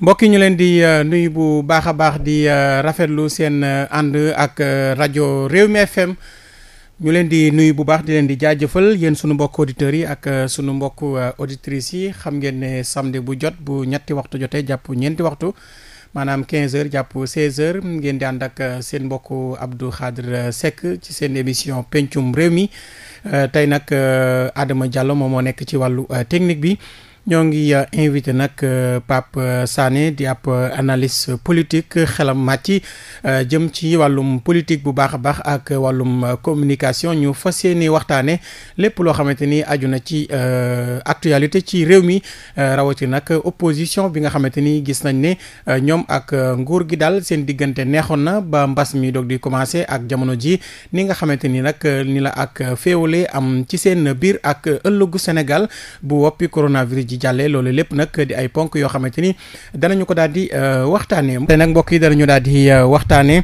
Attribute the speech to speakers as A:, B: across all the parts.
A: mbokk yi ñu leen di euh, nuyu bu baax a baax di euh, rafetlu seen euh, ànd ak rajo Rewmi FM ñu leen di nuyu bu baax di leen di jaajëfal yéen sunu mbokk auditeurs yi ak sunu mbokk auditrices yi xam ngeen ne samedi bu jot bu ñetti waxtu jotee jàpp ñeenti waxtu maanaam 15 heures jàpp 16 heures ngeen di ànd ak seen mbokk Abdou Khadre Seck ci seen émission pencum réew mi tey nag Adama Diallo moom moo nekk ci wàllu technique bi. ñoo ngi invité nag euh, Pape euh, saane di ab euh, analyse politique xelam màcc jëm ci wàllum politique bu baax a baax ak wàllum communication ñu fas yéene waxtaane lépp loo xamante ni aju na ci actualité ci réew mi rawati nag opposition bi nga xamante ni gis nañ ne ñoom ak nguur gi daal seen diggante neexoon na ba mbas mi doog di commencé ak jamono ji ni nga xamante ni nag ni la ak féewale am ci seen biir ak ëllëgu Sénégal bu woppi coronavirus ji ji jàllee loolu lépp nag di ay ponk yoo xamante ni danañu ko daal di euh, waxtaanee. te nag mbokk yi danañu daal di euh, waxtaanee.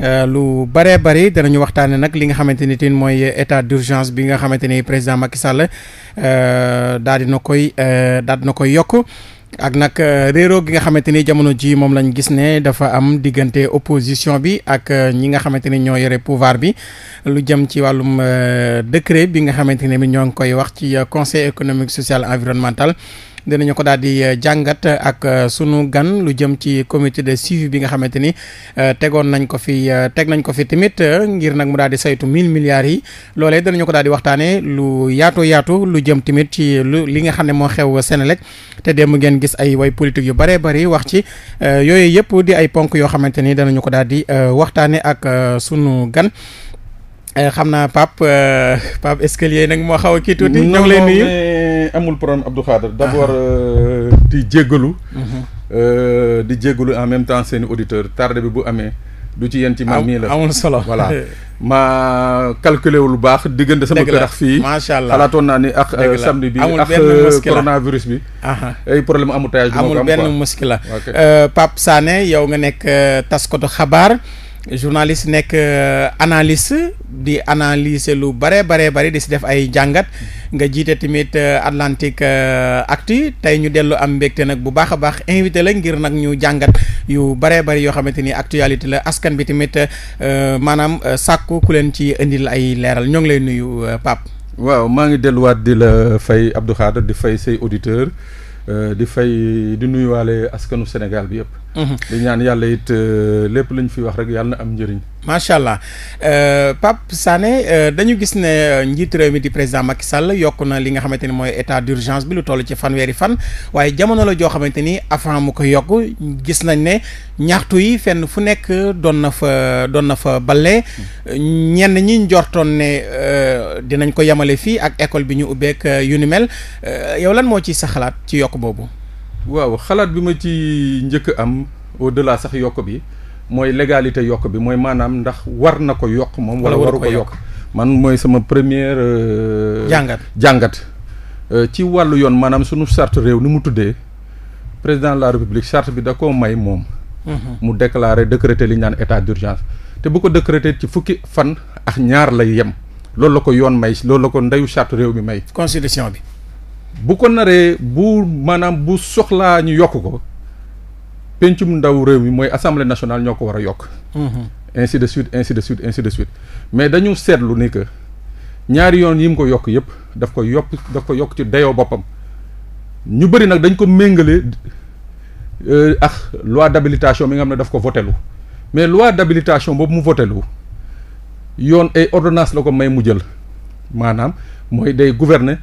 A: Uh, lu bëree bëri danañu waxtaane nag li nga xamante ni tin mooy état d'urgence bi nga xamante ni président Macky Sall uh, daal di na koy uh, daal di na koy yokk ak nag euh, réeroo gi nga xamante ni jamono ji moom lañ gis ne dafa am diggante opposition bi ak euh, ñi nga xamante ni ñoo yore pouvoir bi lu jëm ci wàllum euh, décret bi nga xamante ne bi ñoo ngi koy wax ci conseil économique social environnemental dinañu ko daal di euh, jàngat ak euh, sunu gan lu jëm ci comité de suivi bi nga xamante ni euh, tegoon nañ ko fi teg nañ ko fi tamit ngir nag mu daal di saytu mille milliards yi loolee dinañu ko daal di waxtaanee lu yaatu yaatu lu jëm tamit ci lu li nga xam ne moo xew Senelec te dem ngeen gis ay way politique yu bëree bari wax ci yooyu yëpp di ay ponk yoo xamante ni danañu ko daal di waxtaanee ak sunu gan. Euh, xam naa Pape euh, Pape Escalier nag moo xaw a kii tuuti. ñoo ngi lay nuyu
B: amul problème Abdou Khader. Ah. d' abord euh, di jéggalu. Mhm. di jéggalu en même temps seeni auditeurs tardé bi bu amee. du ci yéen ci man mii la amul solo voilà ma calculé wu lu baax diggante sama kër fii macha allah xalaatoon naa ni ak samedi bi ak coronavirus bi ay problème amu tayage amul benn muskila
A: Pape Sané yow nga nekk tas taskatu xabaar journaliste nekk euh, analyste di analyser lu bare bare bari di si def ay jàngat nga jiite tamit euh, Atlantique euh, acti tey ñu dellu am mbégte nag bu baax a baax invité la ngir nag ñu jàngat yu bare bari yoo xamante ni actualité la askan bi tamit maanaam
B: sàkku ku leen ci indil ay leeral ñoo ngi lay nuyu Pape. waaw maa ngi delluwaat di la fay Abdou Khadre di fay say auditeurs di fay di nuyuwaale askanu Sénégal bi yëpp. Mhm. di ñaan yàlla it euh, lépp lañ fi wax rek yàlla am njëriñ. macha allah
A: euh, Pape Sané euh, dañu gis ne euh, njiit réew mi di président Macky Sall yokk na li nga xamante ni mooy état d'urgence bi lu toll ci fanweeri fan waaye jamono la joo xamante ni avant mu ko yokk gis nañ ne ñaxtu yi fenn fu nekk doon na fa doon na fa balle ñenn ñi njortoon ne euh, dinañ ko yemale fii ak école bi ñu ubbeek euh,
B: yu ni mel yow lan moo ci sa xalaat ci yokk boobu. waaw xalaat bi ma ci njëkk am au delà sax yokk bi mooy légalité yokk bi mooy maanaam ndax war na ko yokk moom wala waru ko yokk man mooy sama première euh, jàngat jàngat euh, ci wàllu yoon maanaam sunu charte réew ni mu tuddee président de la république sart bi da koo may moom mhm. mu déclarer décréter li ñu naan état d'urgence te bu ko décréter ci fukki fan ak ñaar lay yem loolu la ko yoon may loolu la ko ndeyu charte réew mi may constitution bi bu ko naree bu maanaam bu soxlaa ñu yokk ko pencum ndaw réew mi mooy assemblée nationale ñoo ko war a yokk. Mhm. ainsi de suite ainsi de suite ainsi de suite mais dañu seetlu ni que ñaari yoon yi mu ko yokk yëpp daf ko yokk daf ko yokk ci dayoo boppam ñu bëri nag dañ ko méngale euh, ak loi d'habilitation mi nga xam ne daf ko votelu mais loi d'habilitation boobu mu votelu yoon ay ordonnance la ko may mu jël maanaam mooy day gouverner.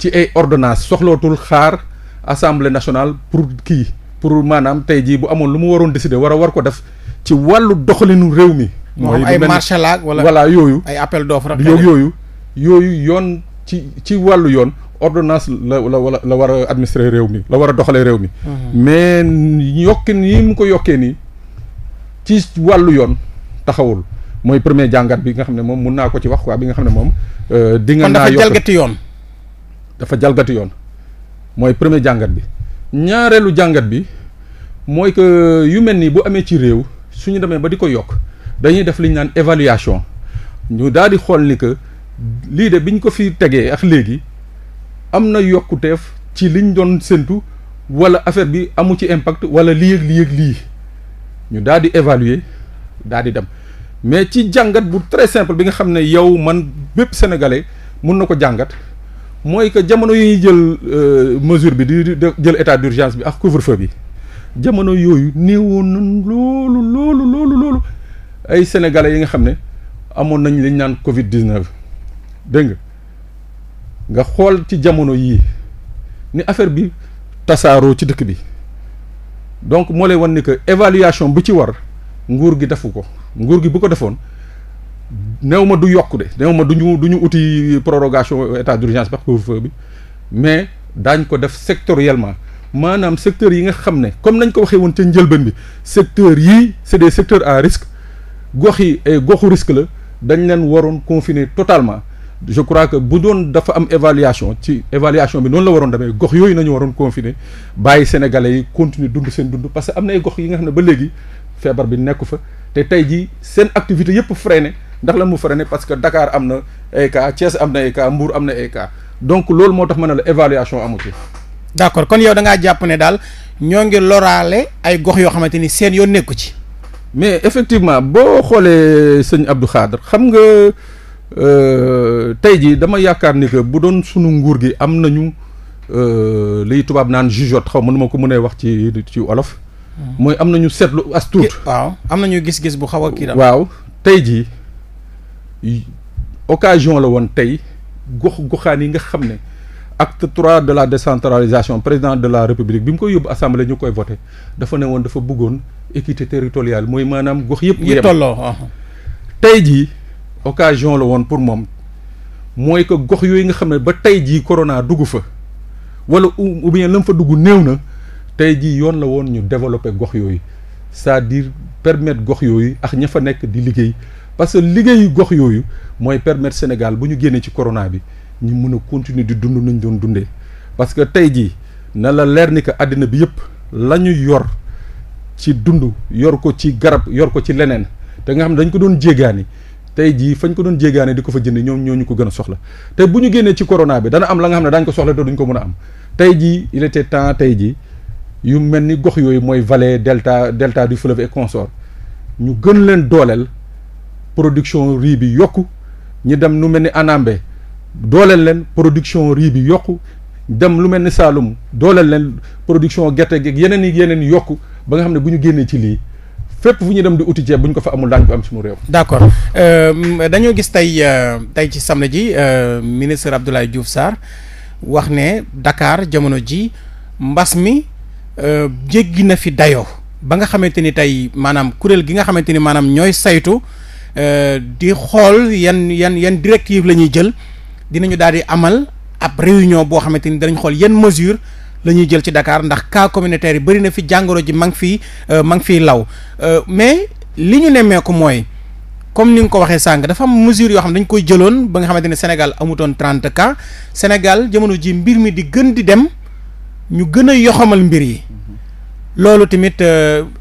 B: ci ay ordonnance soxlootul xaar assemblée nationale pour kii pour maanaam tey jii bu amoon lu mu waroon décider war a war ko def ci wàllu doxalinu réew mi. mooy ay marché la wala yooyu. ay appel d'offre yooyu yooyu yoon ci ci wàllu yoon ordonnance la la wala la war a administrer réew mi la war a doxalee réew mi. Mhm. mais yokk nii mu ko yokkee nii ci wàllu yoon taxawul mooy premier jàngat bi nga xam ne moom mun naa ko ci wax quoi bi nga xam ne moom. Euh, di nga naa yoon. dafa jalgati yoon mooy premier jàngat bi ñaareelu jàngat bi mooy que yu mel nii bu amee ci réew suñu demee ba di ko yokk dañuy def liñ naan évaluation ñu daal di xool ni que lii de bi ñu ko fi tegee ak léegi am na yokkuteef ci liñ doon séntu wala affaire bi amu ci impact wala lii ak lii ñu daal di évaluer daal di dem mais ci jàngat bu très simple bi nga xam ne yow man bépp sénégalais mun na ko jàngat mooy que jamono yi ñuy jël euh, mesure bi di jël état d'urgence bi ak couvre-feu bi jamono yooyu néewoon nañ loolu loolu loolu ay sénégalais yi nga xam ne amoon nañ liñ naan Covid 19 dégg nga nga xool ci jamono yii ni affaire bi tasaaroo ci dëkk bi donc moo lay wan ni que évaluation bi ci war nguur gi defu ko nguur gi bu ko defoon. new ma du yokk de néew ma du ñu du uti prorogation état d'urgence ba couvre-feu bi mais daañ ko def sectoriellement maanaam secteurs yi nga xam ne comme nañ ko waxee woon ca njëlbeen bi secteur yii c'est des secteurs à risque gox yi ay eh, goxu risque la dañ leen waroon confiner totalement je crois que bu doon dafa am évaluation ci évaluation bi noonu la waroon demee gox yooyu nañu waroon confiner bàyyi sénégalais yi continue dund seen dund parce que am na ay gox yi nga xam ne ba léegi feebar bi nekku fa te tey jii seen activité yëpp freiné ndax la mu freiné parce que dakaar am na ay e cas Thiès am na ay e mbuur am na ay e cas donc loolu moo tax mën ne la évaluation amu ci. d' accord kon yow da ngaa jàpp ne daal ñoo ngi loraale ay gox yoo xamante ni seen yoon nekku ci. mais effectivement boo xoolee sëñ Abdou Khadre xam nga euh, tey jii dama yaakaar ni que bu doon sunu nguur gi am nañu euh, liy tubaab naan jugeote xaw ma nu ma ko mënee wax ci ci wolof. Hmm. mooy am na ñu seetlu as tuut. waaw am na nañu gis-gis bu xaw a kii waaw tey jii. occasion la woon tey gox goxaan yi nga xam ne acte trois de la décentralisation président de la république bi mu koy yóbbu assemblée ñu koy voté dafa ne woon dafa bëggoon équité territoriale mooy maanaam gox yëpp. yem tolloo ah. tey jii occasion la woon pour moom mooy que gox yooyu nga xam ne ba tey jii corona dugg fa wala ou bien lam fa dugg néew na tey jii yoon la woon ñu développé gox yooyu c'est-à-dire permettre gox yooyu ak ña fa nekk di liggéey. parce que liggéeyu gox yooyu mooy permettre Sénégal bu ñu génnee ci corona bi ñu mun a continuer di dund nañ doon dundee parce que tey jii na la leer ni que àddina bi yëpp la ñu yor ci dund yor ko ci garab yor ko ci leneen te nga xam ne dañ ko doon jéggaani tey jii fañ ko doon jéggaane di ko fa jënd ñoom ñoo ñu ko gën a soxla te bu ñu génnee ci corona bi dana am la nga xam ne daañu ko soxla te duñ ko mën a am tey jii il était temps tey jii yu mel ni gox yooyu mooy vallée delta delta du fleuve et ñu gën leen dooleel production rii bi yokk ñu dem lu mel ni Anambé dooleel leen production riz bi yokk dem lu mel ni Saloum dooleel leen production gerte gi yeneen yi yeneen yokk ba nga xam ne bu ñu génnee ci lii fépp fu ñu dem di uti ceeb bu ñu ko fa amul daañu ko am suñu réew. d'accord
A: euh, dañoo gis tey euh, tey ci samedi ji euh, ministre Abdoulaye Diouf saar wax ne Dakar jamono ji mbas mi jéggi na fi dayoo ba nga xamante ni tey maanaam kuréel gi nga xamante ni maanaam ñooy saytu. Euh, di xool yan yan yan directive la ñuy jël dinañu daal di amal ab réunion boo xamante ni danañ xool yan mesure la ñuy jël ci dakaar ndax kaa communautaire yi bëri na fi jàngoro ji mag ngi fii euh, ma fii law euh, mais li ñu nemmee ko mooy comme ni nga ko waxee sànq dafa am mesure yoo xam ne dañ koy jëloon ba nga xamante ne Sénégal amutoon trente cas Sénégal jamono ji mbir mi di gën di dem ñu gën a yoxamal mbir yi mm-hmm. loolu tamit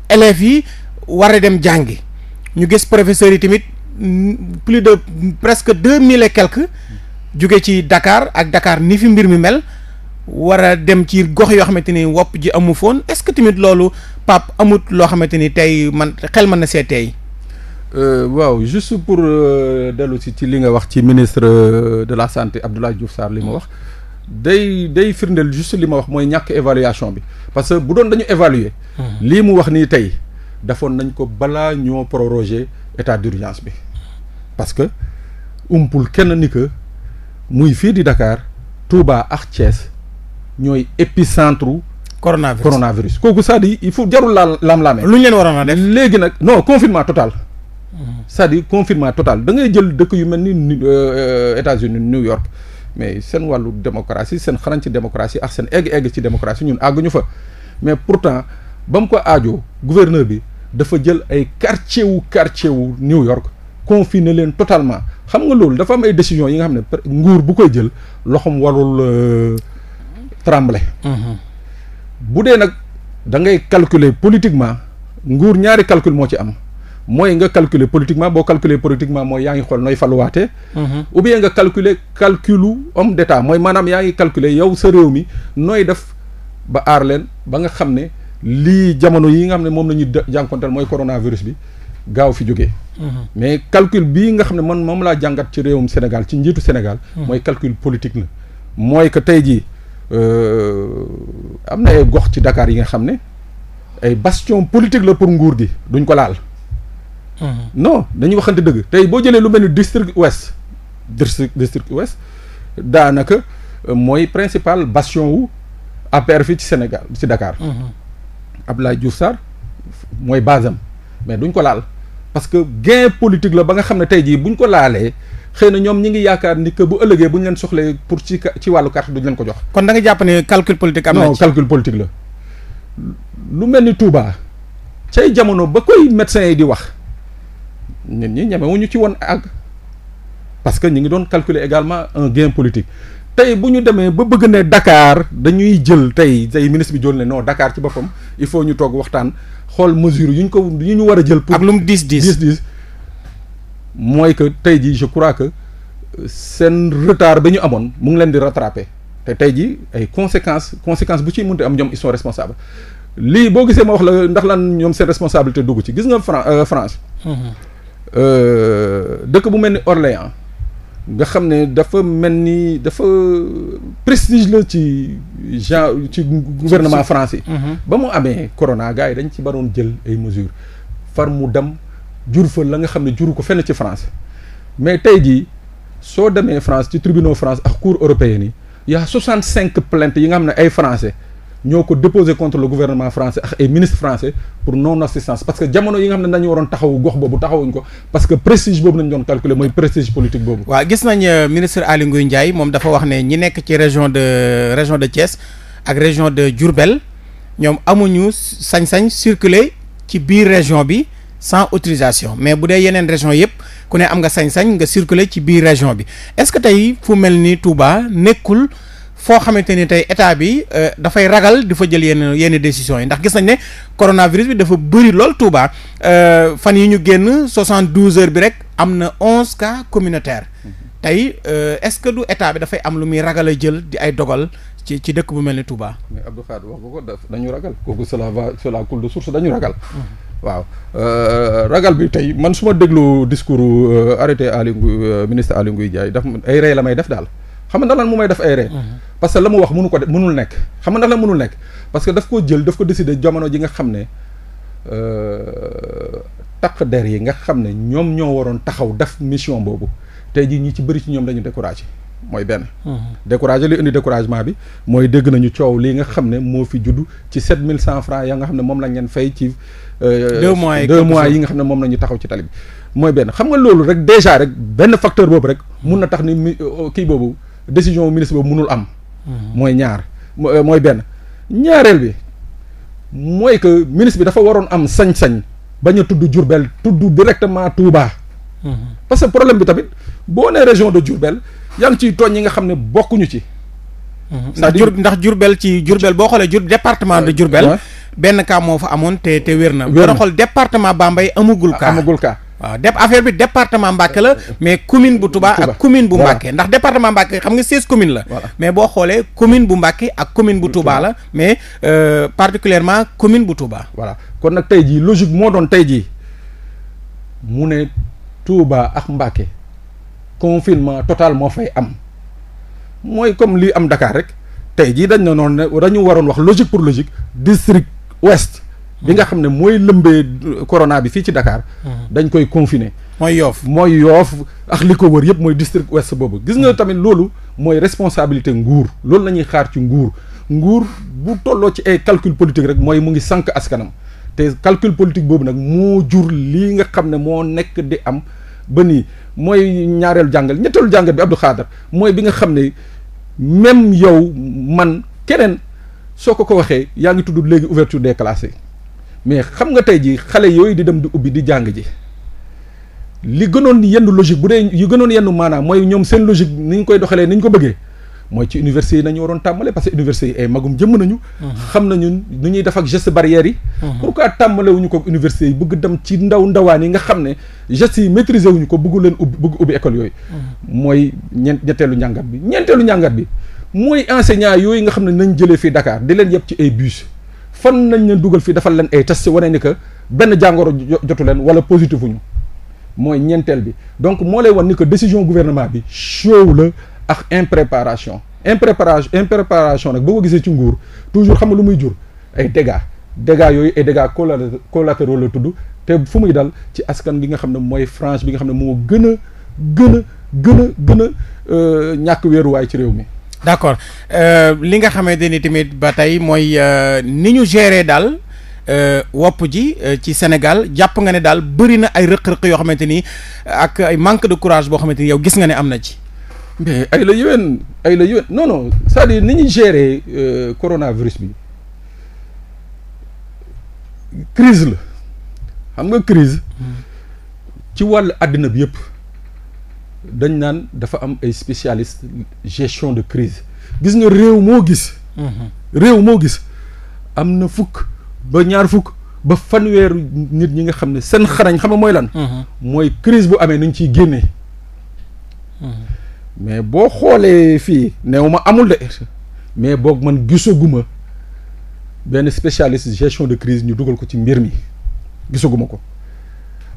A: élèves yi war a dem jàngi ñu gis professeurs yi tamit plus de presque deux mille et quelques ci Dakar ak Dakar ni fi mbir mi mel war a dem ci gox yoo xamante ni wopp ji amu foon est-ce que tamit loolu Pape amut loo xamante ni tey man xel man na see tey.
B: Euh, waaw juste pour euh, dellu si ci li nga wax ci ministre euh, de la santé Abdoulaye Diouf Sarr li ma wax day day firndeel juste li ma wax mooy ñàkk évaluation bi parce que bu doon dañu évaluer hmm. lii mu wax nii tey. defoon nañ ko balaa ñoo proroger état d'urgence bi parce que umpul kenn ni que muy fii di Dakar Touba ak Thiès ñooy épicentre coronavirus coronavirus kooku c'est-à-dire il faut jarul laal laam-laamee. lu ñu leen waroon a léegi nag non confinement total. c'est-à-dire mm-hmm. confinement total da ngay jël dëkk yu mel ni euh, euh, États-Unis New York mais seen wàllu démocratie seen xarañ ci démocratie ak seen egg egg ci démocratie ñun àgguñu fa mais pourtant ba mu ko aajoo gouverneur bi. dafa jël ay quartier wu quartier wu New York confiner leen totalement xam nga loolu dafa am ay décision yi nga xam ne nguur bu koy jël loxoom warul euh, trembler mm-hmm. bu dee nag da ngay calculer politiquement nguur ñaari calcul moo ci am mooy nga calculer politiquement boo calculer politiquement mooy yaa ngi xool nooy faluwaatee. Mm-hmm. ou bien nga calculer calculu homme d'état mooy maanaam yaa ngi calculer yow sa réew mi nooy def ba aar leen ba nga xam ne. lii jamono yi nga xam ne moom la ñuy jànkonteel mooy coronavirus bi gaaw fi jógee. Mm-hmm. mais calcul bii nga xam ne man moom laa jàngat ci réewum Sénégal ci njiitu Sénégal. Mm-hmm. mooy calcul politique la. mooy que tey jii euh, am gox ci Dakar yi nga xam ne ay bastion politique la pour nguur gi duñ ko laal. Mm-hmm. non dañuy waxante dëgg tey boo jëlee lu mel ni district ouest. district district ouest daanaka euh, mooy principal bastion wu APR fii ci Sénégal ci Dakar. Abdoulaye Diouf Sarr mooy base am mais duñ ko laal parce que gain politique la ba nga xam ne tey jii buñ ko laalee xëy na ñoom ñi ngi yaakaar ni que bu ëllëgee buñ leen soxlee pour ci ci wàllu carte duñ leen ko jox. kon da nga jàpp ne calcul politique am na non calcul la lu mel ni Touba cay jamono ba koy médecins yi di wax nit ñi ñemewuñu ci woon àgg parce que ñi ngi doon calculer également un gain politique. tey bu ñu demee ba bëgg ne dakaar dañuy jël tey tey ministre bi jël ne non dakaar ci boppam il faut ñu toog waxtaan xool mesure yu ñu ko yu ñu war a jël. pour ak lu mu diis diis diis diis mooy que tey jii je crois que euh, seen retard bi ñu amoon mu ngi leen di rattraper te tey jii ay conséquences conséquences bu ciy mënti am ñoom ils sont responsables lii boo gisee ma wax la ndax lan ñoom seen responsabilité dugg ci gis nga Fran euh, France. Mhm. Euh, dëkk bu mel ni Orléans. nga xam ne dafa mel ni dafa prestige la ci genre ci gouvernement français. Mm-hmm. ba mu amee corona gars yi dañ ci baroon jël ay mesure far mu dem jur fa la nga xam ne juru ko fenn ci France mais tey jii soo demee France ci tribunaux France ak cour européenne yi y' a cinq plaintes yi nga xam ne ay français. ñoo ko déposé contre le gouvernement français ak ay ministre français pour non assistance parce que jamono yi nga xam ne dañu waroon taxawu gox boobu taxawuñ ko parce que prestige boobu nañ doon calculer mooy prestige politique boobu.
A: waaw gis nañ euh, ministre Aly Ngouille Ndiaye moom dafa wax ne ñi nekk ci région de euh, région ak région de Diourbel ñoom amuñu sañ-sañ circuler ci biir région bi. sans autorisation mais bu dee yeneen région yëpp ku ne am nga sañ-sañ nga circuler ci biir région bi est-ce que tey fu mel ni Touba nekkul foo xamante ni tey état bi euh, dafay ragal di fa jël yenn yenn décisions yi ndax gis nañ ne coronavirus bi dafa bëri lool Touba euh, fan yi ñu génn soixante douze heures bi rek am na onze cas communautaires tey euh, est-ce que du état bi dafay am lu muy ragal a jël di ay dogal
B: ci ci dëkk bu mel ni Touba. mais Abdou Khadre wax nga ko dañu ragal kooku cela va cela coule de source dañu ragal. Mm-hmm. waaw ragal bi tey man su ma déglu discours arrêté Aliou ministre Aliou Ngouille Ndiaye daf ay rey la may def daal. xam nga ndax lan mu may def ay ree parce que la mu wax mënu ko def mënul nekk xam nga ndax nekk parce que daf koo jël daf ko décider jamono ji nga xam ne euh, takk der yi nga xam ne ñoom ñoo waroon taxaw def mission boobu tey jii ñi ci bëri ci ñoom dañu découragé mooy benn découragé li indi découragement bi mooy dégg nañu coow lii nga xam ne moo fi judd ci set mille cent francs ya nga xam ne moom lañ leen fay ci euh, deux mois yi nga xam ne moom lañu taxaw ci tali bi mooy benn xam nga loolu rek déjà rek benn facteur boobu rek mun na tax ni euh, kii boobu décision ministre boobu mënul am. Mhm. mooy ñaar euh, mooy benn. ñaareel bi mooy que ministre bi dafa waroon am sañ-sañ bañ a tudd Diourbel tudd directement Touba. Mhm. parce que problème bi tamit boo nee région de Diourbel yaa ngi ciy tooñ ñi nga xam ne bokkuñu ci.
C: Mhm.
A: c'est-à-dire
B: ndax Diourbel ci Diourbel boo xoolee jur département de Diourbel. benn kaam moo fa amoon te
A: te wér na. wér na xool département Bambey amagul ah, cas amagul cas. waaw def affaire bi département Mbacké la mais commune bu Touba ak commune bu Mbacké ndax département Mbacké xam nga seize communes la mais boo xoolee
B: commune bu Mbacké ak commune bu Touba la mais euh, particulièrement commune bu Touba voilà kon nag tey jii logique moo doon tey jii mu ne Touba ak Mbacké confinement total moo fay am mooy comme lii am Dakar rek tey jii dañ na noonu ne dañu waroon wax logique pour logique district ouest bi nga xam ne mooy lëmbee corona bi fii ci Dakar. Mm-hmm. dañ koy confiner. mooy yoof mooy yoof ax li ko wër yëpp mooy district ouest boobu. gis nga tamit loolu mooy responsabilité nguur loolu la ñuy xaar ci nguur nguur bu tolloo ci ay calcul politique rek mooy mu ngi sànq askanam te calcul politique boobu nag moo jur lii nga xam ne moo nekk di am ba nii mooy ñaareelu jàngal ñetteelu jàngal bi Abdou Khadar mooy bi nga xam ne même yow man keneen soo ko ko waxee yaa ngi tudd léegi ouverture des classes mais xam nga tey ji xale yooyu di dem di ubbi di jàng ji li gënoon yenn logique bu dee yu gënoon yenn maanaam mooy ñoom seen logique ni ñu koy doxalee ni ñu ko bëggee mooy ci université yi nañu waroon tàmbale parce que université yi ay magum jëmm nañu xam nañu nu ñuy def ak geste barrières yi pourquoi tàmbale wuñu ko université yi bëgg dem ci ndaw ndawaan yi nga xam ne gestes yi maîtriser wuñu ko bëggu leen ubbi bëgg ubbi école yooyu mooy ñeent ñetteelu njàngat bi ñeenteelu njàngat bi mooy enseignant yooyu nga xam ne nañ jëlee fii Dakar di leen yëpp ci ay bus fan nañ leen dugal fii defal leen ay test wane ni que benn jàngoro jotu leen wala positif ñu mooy ñeenteel bi donc moo lay wan ni que décision gouvernement bi show la ak impréparation impréparation impréparation nag boo ko gisee ci nguur toujours xam nga lu muy jur ay dégâts dégâts yooyu ay dégâts collatéraux la tudd te fu muy dal ci askan bi nga xam ne mooy France bi nga xam ne moo gën a gën a gën a gën a euh, ñàkk weeruwaay ci réew mi d' accord euh,
A: li nga xamante ni tamit ba tey mooy euh, ni ñu gérer daal. Euh, wopp ji ci Sénégal jàpp nga ne daal bëri na ay rëq-rëq yoo xamante ni ak ay manque de
B: courage boo xamante ni yow gis nga ne am na ci. mais ay la yéwén ay la yéwén ni ñuy gérer coronavirus bi crise la xam nga crise hmm. ci wàll àddina bi yëpp. dañ naan dafa am ay spécialiste gestion de crise gis nga réew moo gis réew moo gis am na fukk ba ñaar fukk ba fanweeru nit ñi nga xam ne seen xarañ xam nga mooy lan mooy crise bu amee nañ ciy génnee mais boo xoolee fii néew ma amul de mais boog man gisaguma benn spécialiste gestion de crise ñu dugal ko ci mbir mi gisaguma ko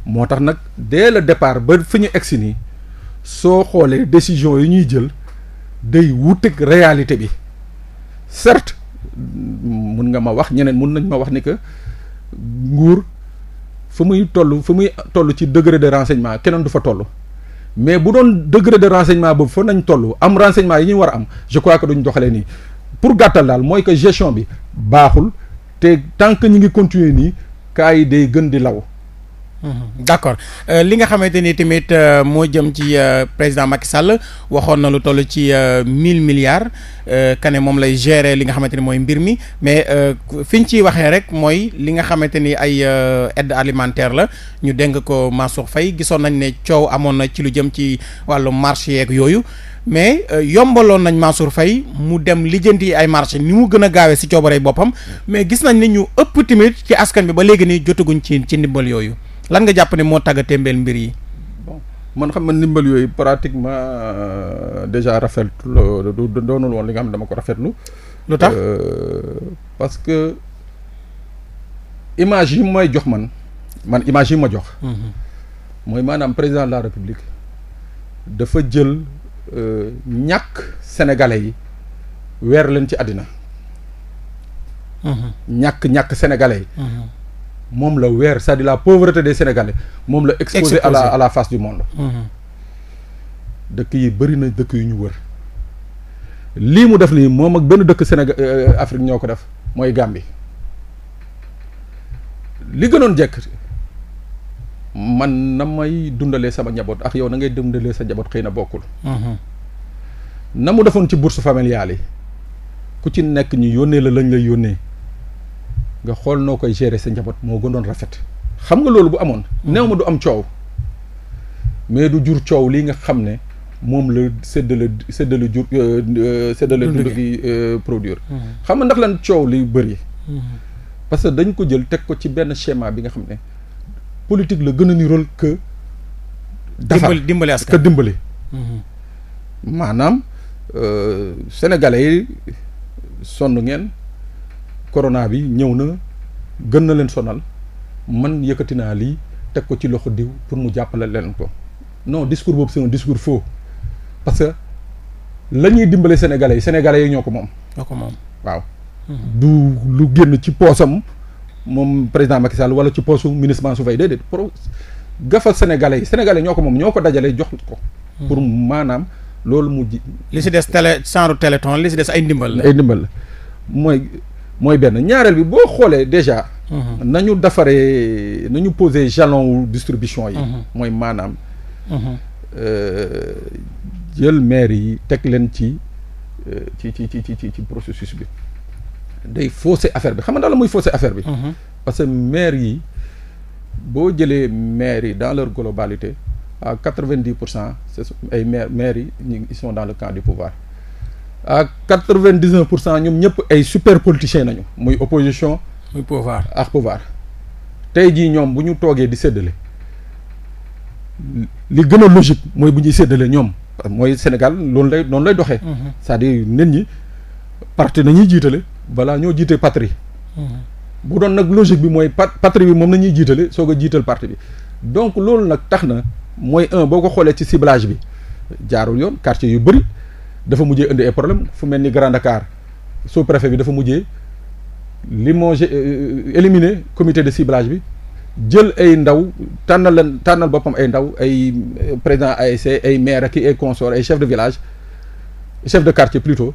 B: moo tax nag dès le départ ba fi ñu egsi nii soo xoolee décision yi ñuy jël day wuteeg réalité bi certes mun nga ma wax ñeneen mun nañ ma wax ni que nguur fu muy toll fu muy toll ci degré de renseignement keneen du fa toll mais bu doon degré de renseignement boobu fa nañ toll am renseignement yi ñuy war a am je crois que duñ doxalee nii pour gàttal daal mooy que gestion bi baaxul te tant que ñu ngi continuer nii cas yi day gën di law Mhm. d' accord euh, li nga xamante ni tamit euh, moo jëm
A: ci euh, président Macky Sall waxoon na lu toll ci mille milliards kane moom lay gérer li nga xamante ni mooy mbir mi mais fi ñu ciy waxee rek mooy li nga xamante ni ay aide alimentaire la ñu dénk ko Mansour Faye gisoon nañ ne coow amoon na ci lu jëm ci wàllu marché yeeg yooyu mais yombaloon nañ Mansour Faye mu dem lijjanti ay marché ni mu gën a gaawee si coobaree boppam mais gis nañ ni ñu ëpp tamit ci askan bi ba léegi nii jotaguñ ci ci ndimbal yooyu. lan nga jàpp ne moo tàgga témbeel mbir yi
B: bon man xam man ndimbal yooyu pratiquement euh, déjà rafetlu euh, doonul woon li nga xam ne dama ko rafetlu lu tax euh, parce que image yi mooy jox man man image yi ma jox mhm. mooy maanaam président de la république dafa jël ñàkk sénégalais yi weer leen ci àddina mhm. ñàkk ñàkk sénégalais yi mhm. moom la weer cest à la pauvreté des sénégalais moom la exposé à la à la face du monde mhm. dëkk yi bëri na dëkk yu ñu wër lii mu def nii moom ak benn dëkk Sénégal euh, euh, Afrique ñoo ko def mooy gàmbi li gënoon jekk man na may dundalee sama njaboot ak yow na ngay dundalee sa njaboot xëy na bokkul mhm. na mu defoon ci bourse familiale yi ku ci nekk ñu yónnee la lañ lay yónnee nga xool noo koy gérer sa njaboot moo gënoon rafet xam nga loolu bu amoon mm. néew ma du am coow mais du jur coow lii nga xam ne moom la séddale séddale jur euh, euh, séddale dund gi euh, produire mm. xam nga ndax lan coow li bëri mm. parce que dañ ko jël teg ko ci benn schéma bi nga xam ne politique la gën a nirool que defar dimbali askan que dimbali
C: mm-hmm.
B: maanaam sénégalais yi sonn ngeen corona bi ñëw na gën na leen sonal man yëkkati naa lii teg ko ci loxo diw pour mu jàppale leen ko non discours boobu c'est un discours foo parce que la ñuy dimbale sénégalais yi sénégalais ñoo ko moom. ñoo ko waaw. Mhm. du lu génn ci poosam moom président Macky Sall wala ci poosu ministre Mansour Faye déedéet pour gafal sénégalais yi sénégalais ñoo ko moom ñoo ko dajale jox ko. Mhm. pour maanaam loolu mu ji. li si des télé genre téléthon li si des ay ndimbal ay ndimbal la mooy mooy benn ñaareel bi boo xoolee déjà. Mhm. nañu defaree nañu poser jalon wu distribution yi. Mhm. mooy maanaam. Mhm. Euh, jël maire yi teg leen euh, ci ci ci ci ci ci processus bi day fausser affaire bi xam nga la muy fausser affaire bi. parce que maire yi boo jëlee maire yi dans leur globalité à quatre-vingt-dix pour cent c'est ay maire maire yi ñu ils sont dans le camp du pouvoir. à quatre vingt dix neuf pour cent ñoom ñëpp ay super nañu muy opposition. muy pouvoir ak pouvoir. tey jii ñoom bu ñu toogee di séddale li gën a logique mooy bu ñuy séddale ñoom mooy Sénégal loolu lay noonu lay doxee. Mhm. c'est-à-dire nit ñi parti nañuy jiitale balaa ñoo jiitee patrie. Mhm. bu doon nag logique bi mooy pat patrie bi moom la ñuy jiitale soog a jiital parti bi donc loolu nag tax na mooy un boo ko xoolee ci siblage bi jaarul yoon quartier yu bëri. dafa mujjee indi ay problème fu mel ni grande Dakar sous préfet bi dafa mujjee limogé euh, éliminer comité de ciblage bi jël ay ndaw tànnal la tànnal boppam ay ndaw ay euh, président ASC ay maire ak ay consort ay chef de village chef de quartier plutôt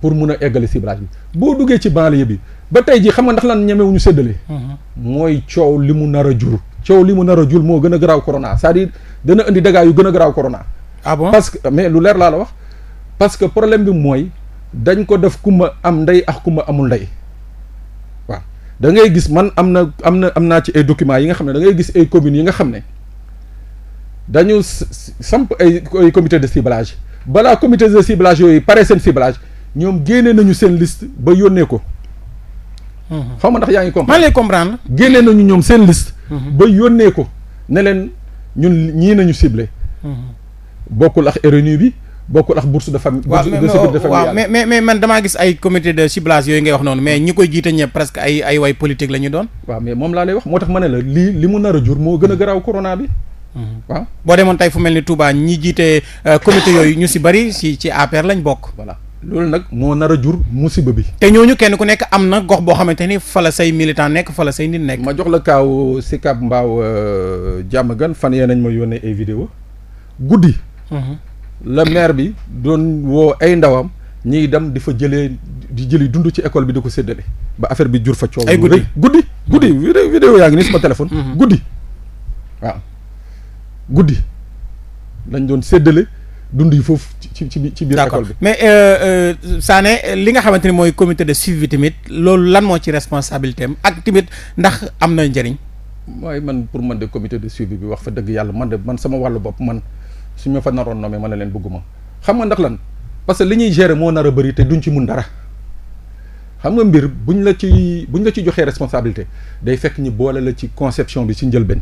B: pour mun a eggale ciblage bi boo duggee ci banlieue bi ba tey jii xam nga ndax lan ñemewuñu séddale. Mhm. mooy coow li mu nar a jur. coow li mu nara jur moo gën a garaaw corona c'est-à-dire dana indi dégâts yu gën a garaaw corona. ah bon parce lu leer laa la wax. parce que problème bi mooy dañ ko def ku am ndey ax ku amul ndey waaw da ngay gis man am na am na am naa ci ay documents yi nga xam ne da gis ay communes yi nga xam ne dañu samp ay ay comité de ciblage balaa comité de ciblage yooyu pare seen ciblage ñoom génnee nañu seen liste ba yónnee ko. Mm-hmm. xaw ma ndax yaa ngi comprendre maa ngi génnee nañu ñoom seen liste. Mm-hmm. ba yónnee ko ne leen ñun ñii nañu ciblé. Mm-hmm. bokkul ak RNU bi. bokkul ak bourse de famille. bourse waaw mais
A: mais mais man damaa gis ay comité de ciblage yooyu ngay wax noonu mais ñi koy jiite ñëpp presque ay ay way politique ñu doon. waaw mais moom laa lay wax moo tax ma ne la lii li mu nar a jur moo gën a garaaw corona bi. Mhm. waaw boo demoon tey fu mel ni Touba ñi jiite euh, comité yooyu ñu si bari si ci APR lañ bokk. voilà loolu nag moo nar a jur musiba bi. te ñooñu kenn ku nekk am na gox boo xamante ni fa la say nekk fa la say nit nekk. ma jox la
B: kaaw Sicap Mbao euh, Diamaguène fan yee nañ ma yónnee ay vidéo guddi. Mhm. la maire bi doon woo ay ndawam ñiy dem di fa jëlee di jëli dund ci école bi di ko séddale ba affaire bi jur fa coow. ay guddi guddi guddi vidéo vidéo yaa ngi nii sama téléphone. Mm-hmm. guddi waaw guddi dañ doon séddale. dund yi foofu ci ci ci biir école bi mais
A: euh, euh, li nga xamante ni mooy comité de suivi tamit loolu lan moo ci responsabilité am ak tamit ndax am na njariñ
B: waaye man pour man de comité de suivi bi wax fa dëgg yàlla man de man sama wàllu bopp man suñ ma fa naroon nommé ma ne leen bëgguma xam nga ndax lan parce que li ñuy gérer moo nar a bëri te duñ ci mun dara xam nga mbir buñ la ci buñ la ci joxee responsabilité day fekk ñu boole la ci conception bi ci njëlbeen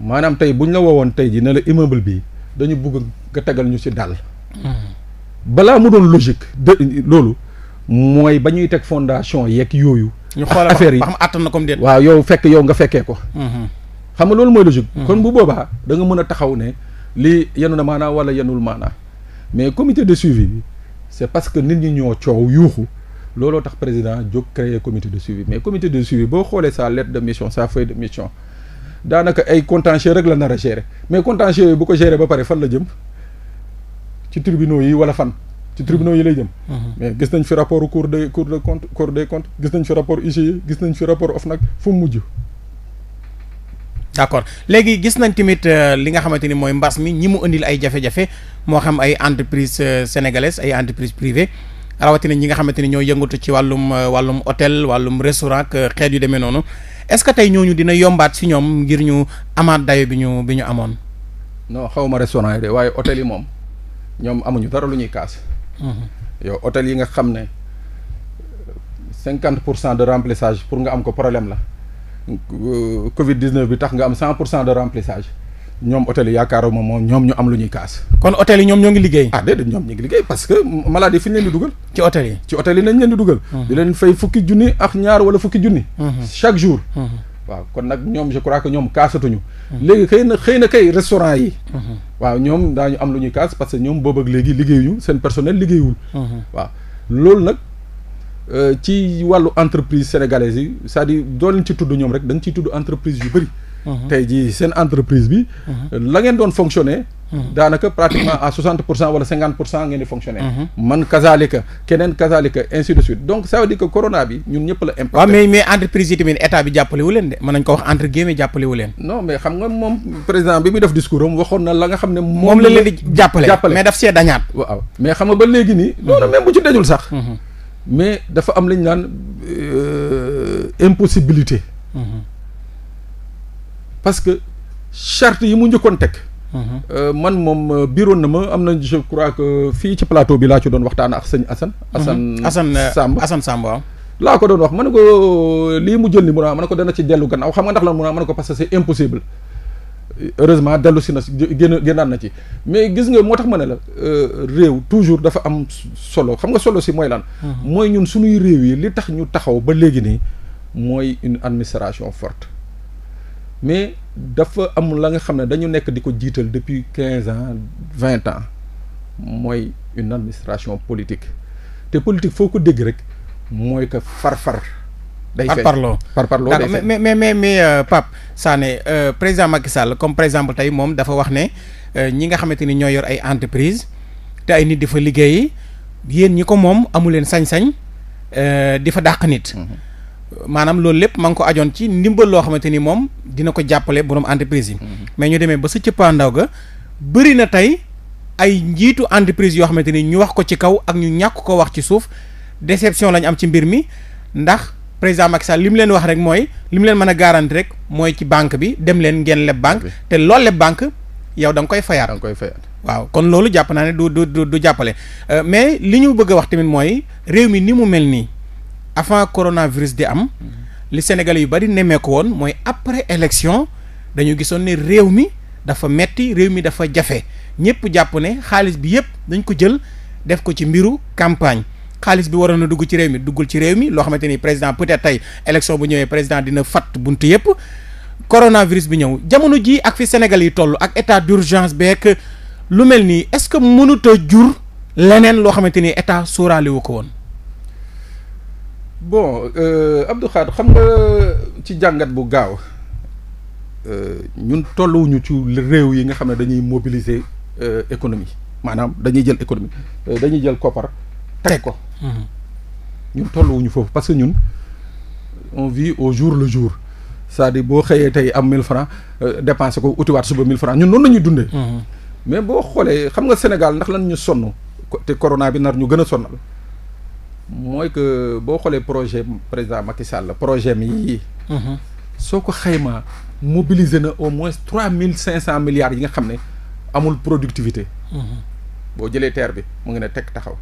B: maanaam tey buñ la woowoon tey ji ne la immeuble bi dañu bugg nga tegal ñu ci dàll
C: hmm.
B: balaa mu doon logique de loolu mooy ba ñuy teg fondation yeeg yooyu. ñu xoolal affaire yi ba xam na comme déet. waaw yow fekk yow nga fekkee ko. Hmm, hmm. xam nga loolu mooy logique. Hmm. kon bu boobaa danga mën a taxaw ne li yenu na maanaa wala yenul maanaa mais commité de suivi bi c'est parce que nit ñi ñoo coow yuuxu looloo tax président jóg créer comité de suivi mais comité de suivi boo xoolee sa lettre de mission sa feuille de mission daanaka ay contentieux rek la nar a gérer mais contentieux yi bu ko gérer ba pare fan la jëm ci tribunaux yi wala fan. ci tribunaux yi lay jëm.
A: Hmm.
C: mais
B: gis nañ fi rapport cour des cour des comptes gis nañ fi rapport IGE gis nañ fi rapport OFNAC fu mu mujj.
A: d' accord léegi gis nañ tamit euh, li nga xamante ni mooy mbas mi ñi mu indil ay jafe-jafe moo xam ay entreprise euh, sénégalaise ay entreprise privée rawatina ñi nga xamante ni ñoo yëngatu ci wàllum euh, wàllum hôtel wàllum restaurant xeet yu demee noonu est ce que tey ñooñu dina yombaat si ñoom ngir ñu amaat dayo bi ñu bi ñu amoon.
B: non xaw ma restaurant yi de waaye hôtel yi moom ñoom amuñu dara lu ñuy kaas. Mhm. yow hôtel yi nga xam ne cinquante pour cent de remplissage pour nga am ko problème la. Covid 19 bi tax nga am 100 pour cent de remplissage ñoom hôtel yaakaaruma moom ñoom ñu am lu ñuy kaas. kon hôtel yi ñoom ñoo ngi liggéey. ah déedéet ñoom ñu ngi liggéey parce que maladie fi ñu leen di dugal. ci hôtel yi ci hôtel yi nañ leen di dugal. di leen fay fukki junni ak ñaar wala fukki junni. chaque jour. waaw kon nag ñoom je crois que ñoom kaasatuñu. léegi xëy na xëy na kay restaurant yi. waaw ñoom daañu am lu ñuy kaas parce que ñoom boobu ak Euh, ci wàllu entreprise sénégalaise yi c'est-à-dire doo leen ci tudd ñoom rek da nga ciy tudd entreprise yu bëri. Uh-huh. tey jii seen entreprise bi. Uh-huh. la ngeen doon fonctionner. Uh-huh. daanaka pratiquement a 60 pour cent wala 50 pour cent ngeen di fonctionner. man kazaalika keneen kazaalika ainsi de suite donc ça veut que corona bi ñun ñëpp la. impacté mais mais entreprise yi tamit état bi jàppale wu leen de mën nañ ko wax entre guillemets jàppale wu leen. non mais xam nga moom président bi muy def waxoon na la nga xam ne. moom la leen di jàppale mais daf see dañaat. waaw mais xam ba léegi nii. loolu sax. mais dafa am lañu naan euh, impossibilité. Mm-hmm. parce que charte yi mu njëkkoon teg. Mm-hmm. Euh, man moom euh, biiroon na ma am na je crois que fii ci plateau bi laa ci doon waxtaan ak sëñ asan Assane Samb asan Samb waaw. laa ko doon wax man ko lii mu jël ni a naa man ko dana ci dellu gannaaw xam nga ndax lan mu naa man ko parce c'est impossible. heureusement dellu si na génn génnaat na ci mais gis nga moo tax ma ne la euh, réew toujours dafa am solo xam nga solo si mooy lan. Mhm. mooy ñun suñuy réew yi li tax ñu taxaw ba léegi nii mooy une administration forte mais dafa am la nga xam ne dañu nekk di ko jiital depuis quinze an vingt ans mooy une administration politique te politique foo ko dégg rek mooy que far-far. day feeñ par parloo par parloo day feeñ
A: mais mais mais mais euh, Pape Sané euh, président Macky Sall comme par exemple tey moom dafa wax ne euh, ñi nga xamante ni ñoo yor ay entreprise te ay nit di fa liggéey yéen ñi ko moom amu leen sañ-sañ euh, di fa dàq nit. Mhm. maanaam loolu lépp ma ngi ko ajoon ci ndimbal loo xamante ni moom dina ko jàppale borom entreprise yi. Mhm. mais ñu demee ba sa cëppaandaw ga bëri na tey ay njiitu entreprise yoo xamante ni ñu wax ko ci kaw ak ñu ñàkk ko wax ci suuf déception lañ am ci mbir mi ndax. président Macky Sall li mu leen wax rek mooy li leen mën a garanti rek mooy ci banque bi dem leen ngeen leb banque te loolu leb banque yow da koy fayaat da koy fayaat waaw kon loolu jàpp naa ne du du du jàppale euh, mais li ñu bëgg a wax tamit mooy réew mi ni mu mel nii avant coronavirus di am mm-hmm. li Sénégalais yu bari nemmeeku woon mooy après élection dañu gisoon ne réew mi dafa metti réew mi dafa jafe ñëpp jàpp ne xaalis bi yëpp dañ ko jël def ko ci mbiru campagne xaalis bi waroon na dugg ci réew mi duggul ci réew mi loo xamante ni président peut-être tey élection bu ñëwee président dina fat bunt yëpp coronavirus bi ñëw jamono ji ak fi Sénégal yi toll ak état d'urgence beek lu mel nii est-ce que mënut a jur leneen loo xamante ni état sóoraale
B: wu ko woon. bon euh, xam nga ci jàngat bu gaaw euh, ñun tolluwuñu ci réew yi nga xam ne dañuy mobiliser euh, économie maanaam dañuy jël économie euh, dañuy jël koppar. tere ko mhm. ñun tolluwuñu foofu parce que ñun on vit au jour le jour cest à boo xëyee tey am mille francs euh, dépensé ko utiwaat suba 1000 francs ñun noonu la ñuy dundee mhm. mais boo xoolee xam nga Sénégal ndax lan ñu sonn te corona bi nar ñu gën a sonnal mooy que boo xoolee projet président Macky Sall projet mi yii mhm. soo ko xëyma mobiliser na au moins trois mille cinq cent milliards yi nga xam ne amul productivité boo jëlee terre bi mu ngi ne tekk taxaw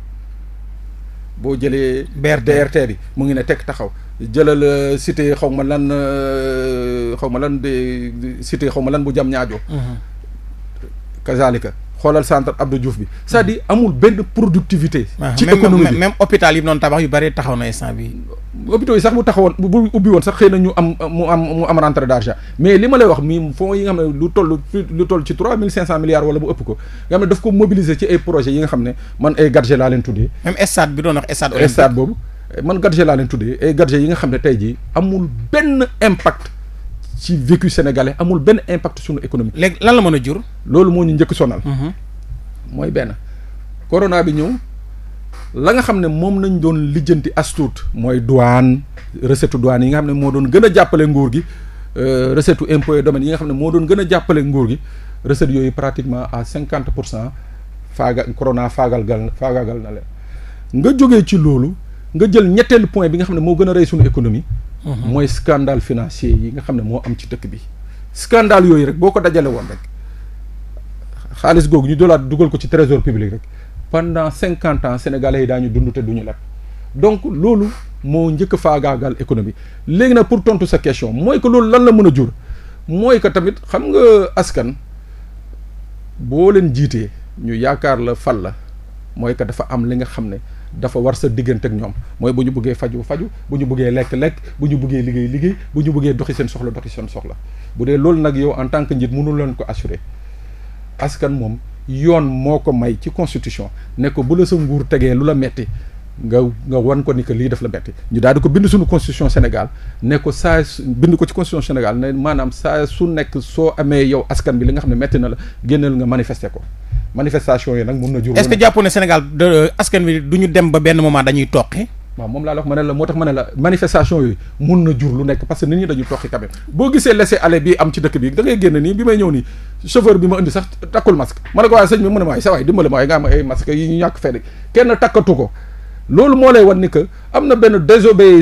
B: boo jëlee BRT bi mu ngi ne tekk taxaw jëlal euh, cité xaw ma lan euh, xaw ma lan de cité xaw ma lan bu jam ñaajoo mhm. kazalika xoolal centre Abdou Diouf bi cest à amul benn productivité. ci ah, économie bi même hôpital yi mu doon tabax yu bari taxaw na instant bi hôpitaux yi sax bu taxawoon bu ubbi woon sax xëy na ñu am mu am mu am rentrée wax mi fonds yi nga ne lu toll toll ci trois mille cinq cent milliards wala bu ëpp ko nga xam ne daf ko mobiliser ci ay projets yi nga xam ne man ay gadget laa leen tuddee. même stade bi doon wax stade olympique stade boobu man gadget laa leen tuddee ay gadget yi nga xam ne tey jii amul benn impact. ci vécu sénégalais amul benn impact suñu économie. léegi lan la mën a jur. loolu moo ñu njëkk sonal. Mhm. mooy benn. corona bi ñëw la nga xam ne moom nañ doon lijjanti astuut mooy douane recette douane yi nga xam ne moo doon gën a jàppale nguur gi euh, recette impôt et domaine yi nga xam ne moo doon gën a jàppale nguur gi recette yooyu pratiquement à cinquante pour cent faaga corona faagaagal faagaagal na leen. nga jógee ci loolu nga jël ñetteelu point bi nga xam ne moo gën a rey suñu économie. Mhm. mooy scandale financier yi nga xam ne moo am ci dëkk bi scandale yooyu rek boo ko dajale woon rek xaalis googu ñu dolaat dugal ko ci trésor public rek pendant cinquante ans sénégalais yi daañu dund te duñu leb donc loolu moo njëkk faagaagal économie léegi nag pour tontu sa question mooy que loolu lan la mën a jur mooy que tamit xam nga askan boo leen jiitee ñu yaakaar la fal la mooy que dafa am li nga xam ne dafa war sa diggante ak ñoom mooy bu ñu bëggee faju faju bu ñu bëggee lekk lekk bu ñu bëggee liggéey liggéey bu ñu bëggee doxi seen soxla doxi seen soxla bu dee loolu nag yow en tant que njiit mënul leen ko assurer askan moom yoon moo ko may ci constitution ne ko bu la sa nguur tegee lu la metti nga nga wan ko ni que lii daf la betti ñu daal di ko bind suñu constitution Sénégal ne ko saa bind ko ci constitution Sénégal ne maanaam saa su nekk soo amee yow askan bi li nga xam ne metti na la génneel nga manifester ko manifestation yi nag mun na jur est-ce que jàpp ne Sénégal euh, askan bi du ñu dem ba benn moo tax ma ne la manifestation yooyu mun lu nekk parce que nit ñi dañu toqi quand même boo gisee laisser aller bi am ci dëkk bi da génn nii bi may ñëw nii chauffeur bi ma indi sax takkul masque ma a ko waaye sëñ bi mu ne ma sa waay dimbale ma waay nga takkatu ko loolu moo lay wan ni que am na benn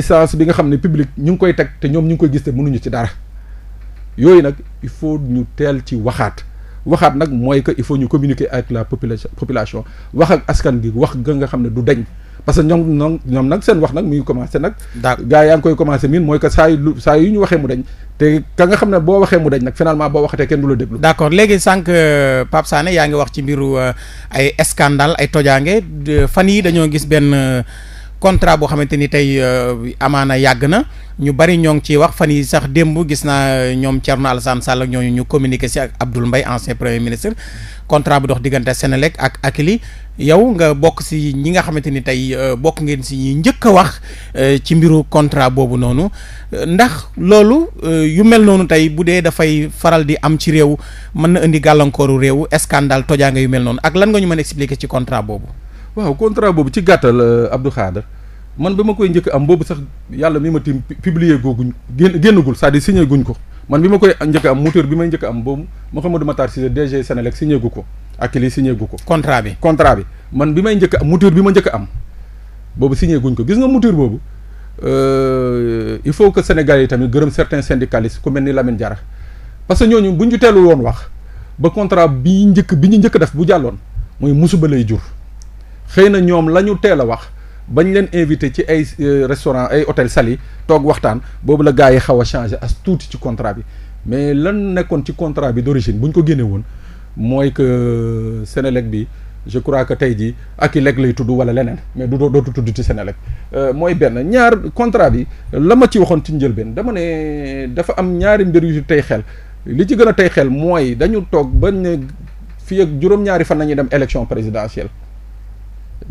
B: sance bi nga xam ne public ñu ngi koy teg te ñoom ñu ngi koy gis te mënuñu ci dara yooyu nag il faut ñu teel ci waxaat waxaat nag mooy que il faut ñu communiquer avec la population wax ak askan bi wax ga nga xam ne du deñ parce que ñoom ñoom ñoom nag seen wax nag mi ngi commencé nag gars yaa ngi koy commencé miin mooy que saa lu saa yu ñu waxee mu dañ te ka nga xam ne boo waxee mu dañ nag finalement boo waxatee kenn du la déglu
A: d'accord léegi sànq euh, Pape Sané yaa ngi wax ci mbiru euh, ay scandale ay tojaange fan yi dañoo gis benn euh, contrat boo xamante ni tey euh, amaana yàgg na ñu bari ñoo ngi ciy wax fan yi sax démb gis naa euh, ñoom Thierno Alassane Sall ak ñooñu ñu communiqué si ak Abdoul contrat bu dox diggante Senelec ak Akilee yow nga bokk si ñi nga xamante ni tey euh, bokk ngeen si ñi njëkk a wax ci mbiru contrat boobu noonu ndax loolu yu mel noonu tey bu dee dafay faral di am ci réew mën na indi gàllankooru réew scandale tojaanga
B: yu mel noonu ak lan nga ñu mën expliquer ci contrat boobu. waaw contrat boobu ci gàttal euh, Abdou Khader man ba ma koy njëkk am boobu sax yàlla mi ma tim publier googu génn génnagul c'est-à-dire guñ ko man bi ma koy njëkk am moteur bi may njëkk am boobu Mouhamadou Matar Cissé DG Sénélec signé gu ko ak li ko. contrat bi contrat bi man bi may njëkk am bi ma njëkk am boobu signé guñ ko gis nga moteur boobu euh, il faut que sénégal yi tamit gërëm certains syndicalistes ku mel ni Lamine Diarra parce que ñooñu bu ñu teelul woon wax ba contrat bi njëkk bi ñu njëkk def bu jàlloon mooy musiba lay jur. xëy na ñoom la ñu teel a wax bañ leen invité ci ay euh, restaurant ay hôtel Sali toog waxtaan boobu la gars yi xaw a changé as tuuti ci contrat bi mais lan nekkoon ci contrat bi d'origine bu ñu ko génne woon mooy que euh, Sénélec bi je crois que tey jii Akileg lay tudd wala leneen mais du dootu tudd ci seneleg euh, mooy benn ñaar contrat bi la ma ci waxoon ci njëlbeen dama ne dafa am ñaari mbir yu tey xel li ci gën a tey xel mooy dañu toog ba ne fii ak juróom-ñaari fan nañuy dem élection présidentielle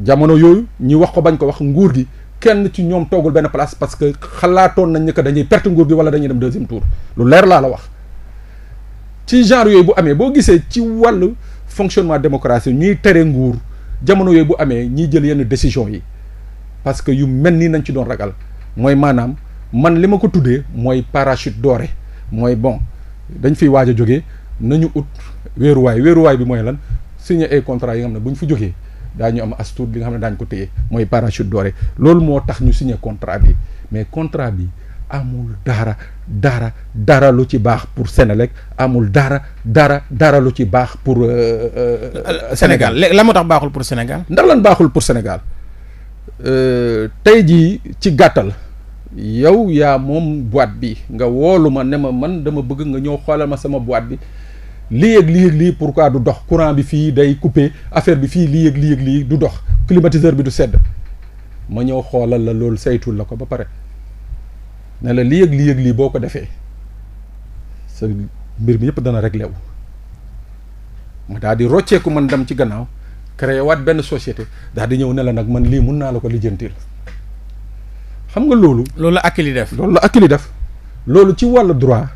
B: jamono yooyu ñi wax ko bañ ko wax nguur gi kenn ci ñoom toogul benn place parce que xalaatoon nañ ne que dañuy perte nguur gi wala dañuy dem deuxième tour lu leer laa la wax ci genre yooyu bu amee boo gisee ci wàllu fonctionnement démocratie ñuy tere nguur jamono yooyu bu amee ñi jël yenn décision yi parce que yu mel nii nañ ci doon ragal mooy maanaam man li ma ko tuddee mooy parachute doore mooy bon dañ fiy waaj a jógee nañu ut weeruwaay weeruwaay bi mooy lan signer ay contrat yi xam ne bu ñu fi jógee daañu am as tuut li nga xam ne daañu ko téye mooy parachute doré loolu moo tax ñu signé contrat bi mais contrat bi amul dara dara dara lu ci baax pour Sénélec amul dara dara dara lu ci baax pour. Euh, euh, euh, Sénégal la moo tax baaxul pour Sénégal. ndax lan baaxul pour Sénégal tey jii ci gàttal. yow yaa moom boîte bi nga woolu ma ne ma man dama bëgg nga ñëw xoolal ma sama boîte bi. lii ak lii ak lii pourquoi du dox courant bi fii day coupé affaire bi fii lii ak lii ak lii du dox climatiseur bi du sedd ma ñëw xoolal la loolu saytul la ko ba pare ne la lii ak lii ak lii boo ko defee sa mbir mi yëpp dana réglé wu ma daal di rocceeku man dem ci gannaaw créé waat benn société daal di ñëw ne la nag man lii mun naa la ko lijjantil xam nga loolu.
A: loolu la ak li def
B: loolu la ak li def loolu ci wàllu droit.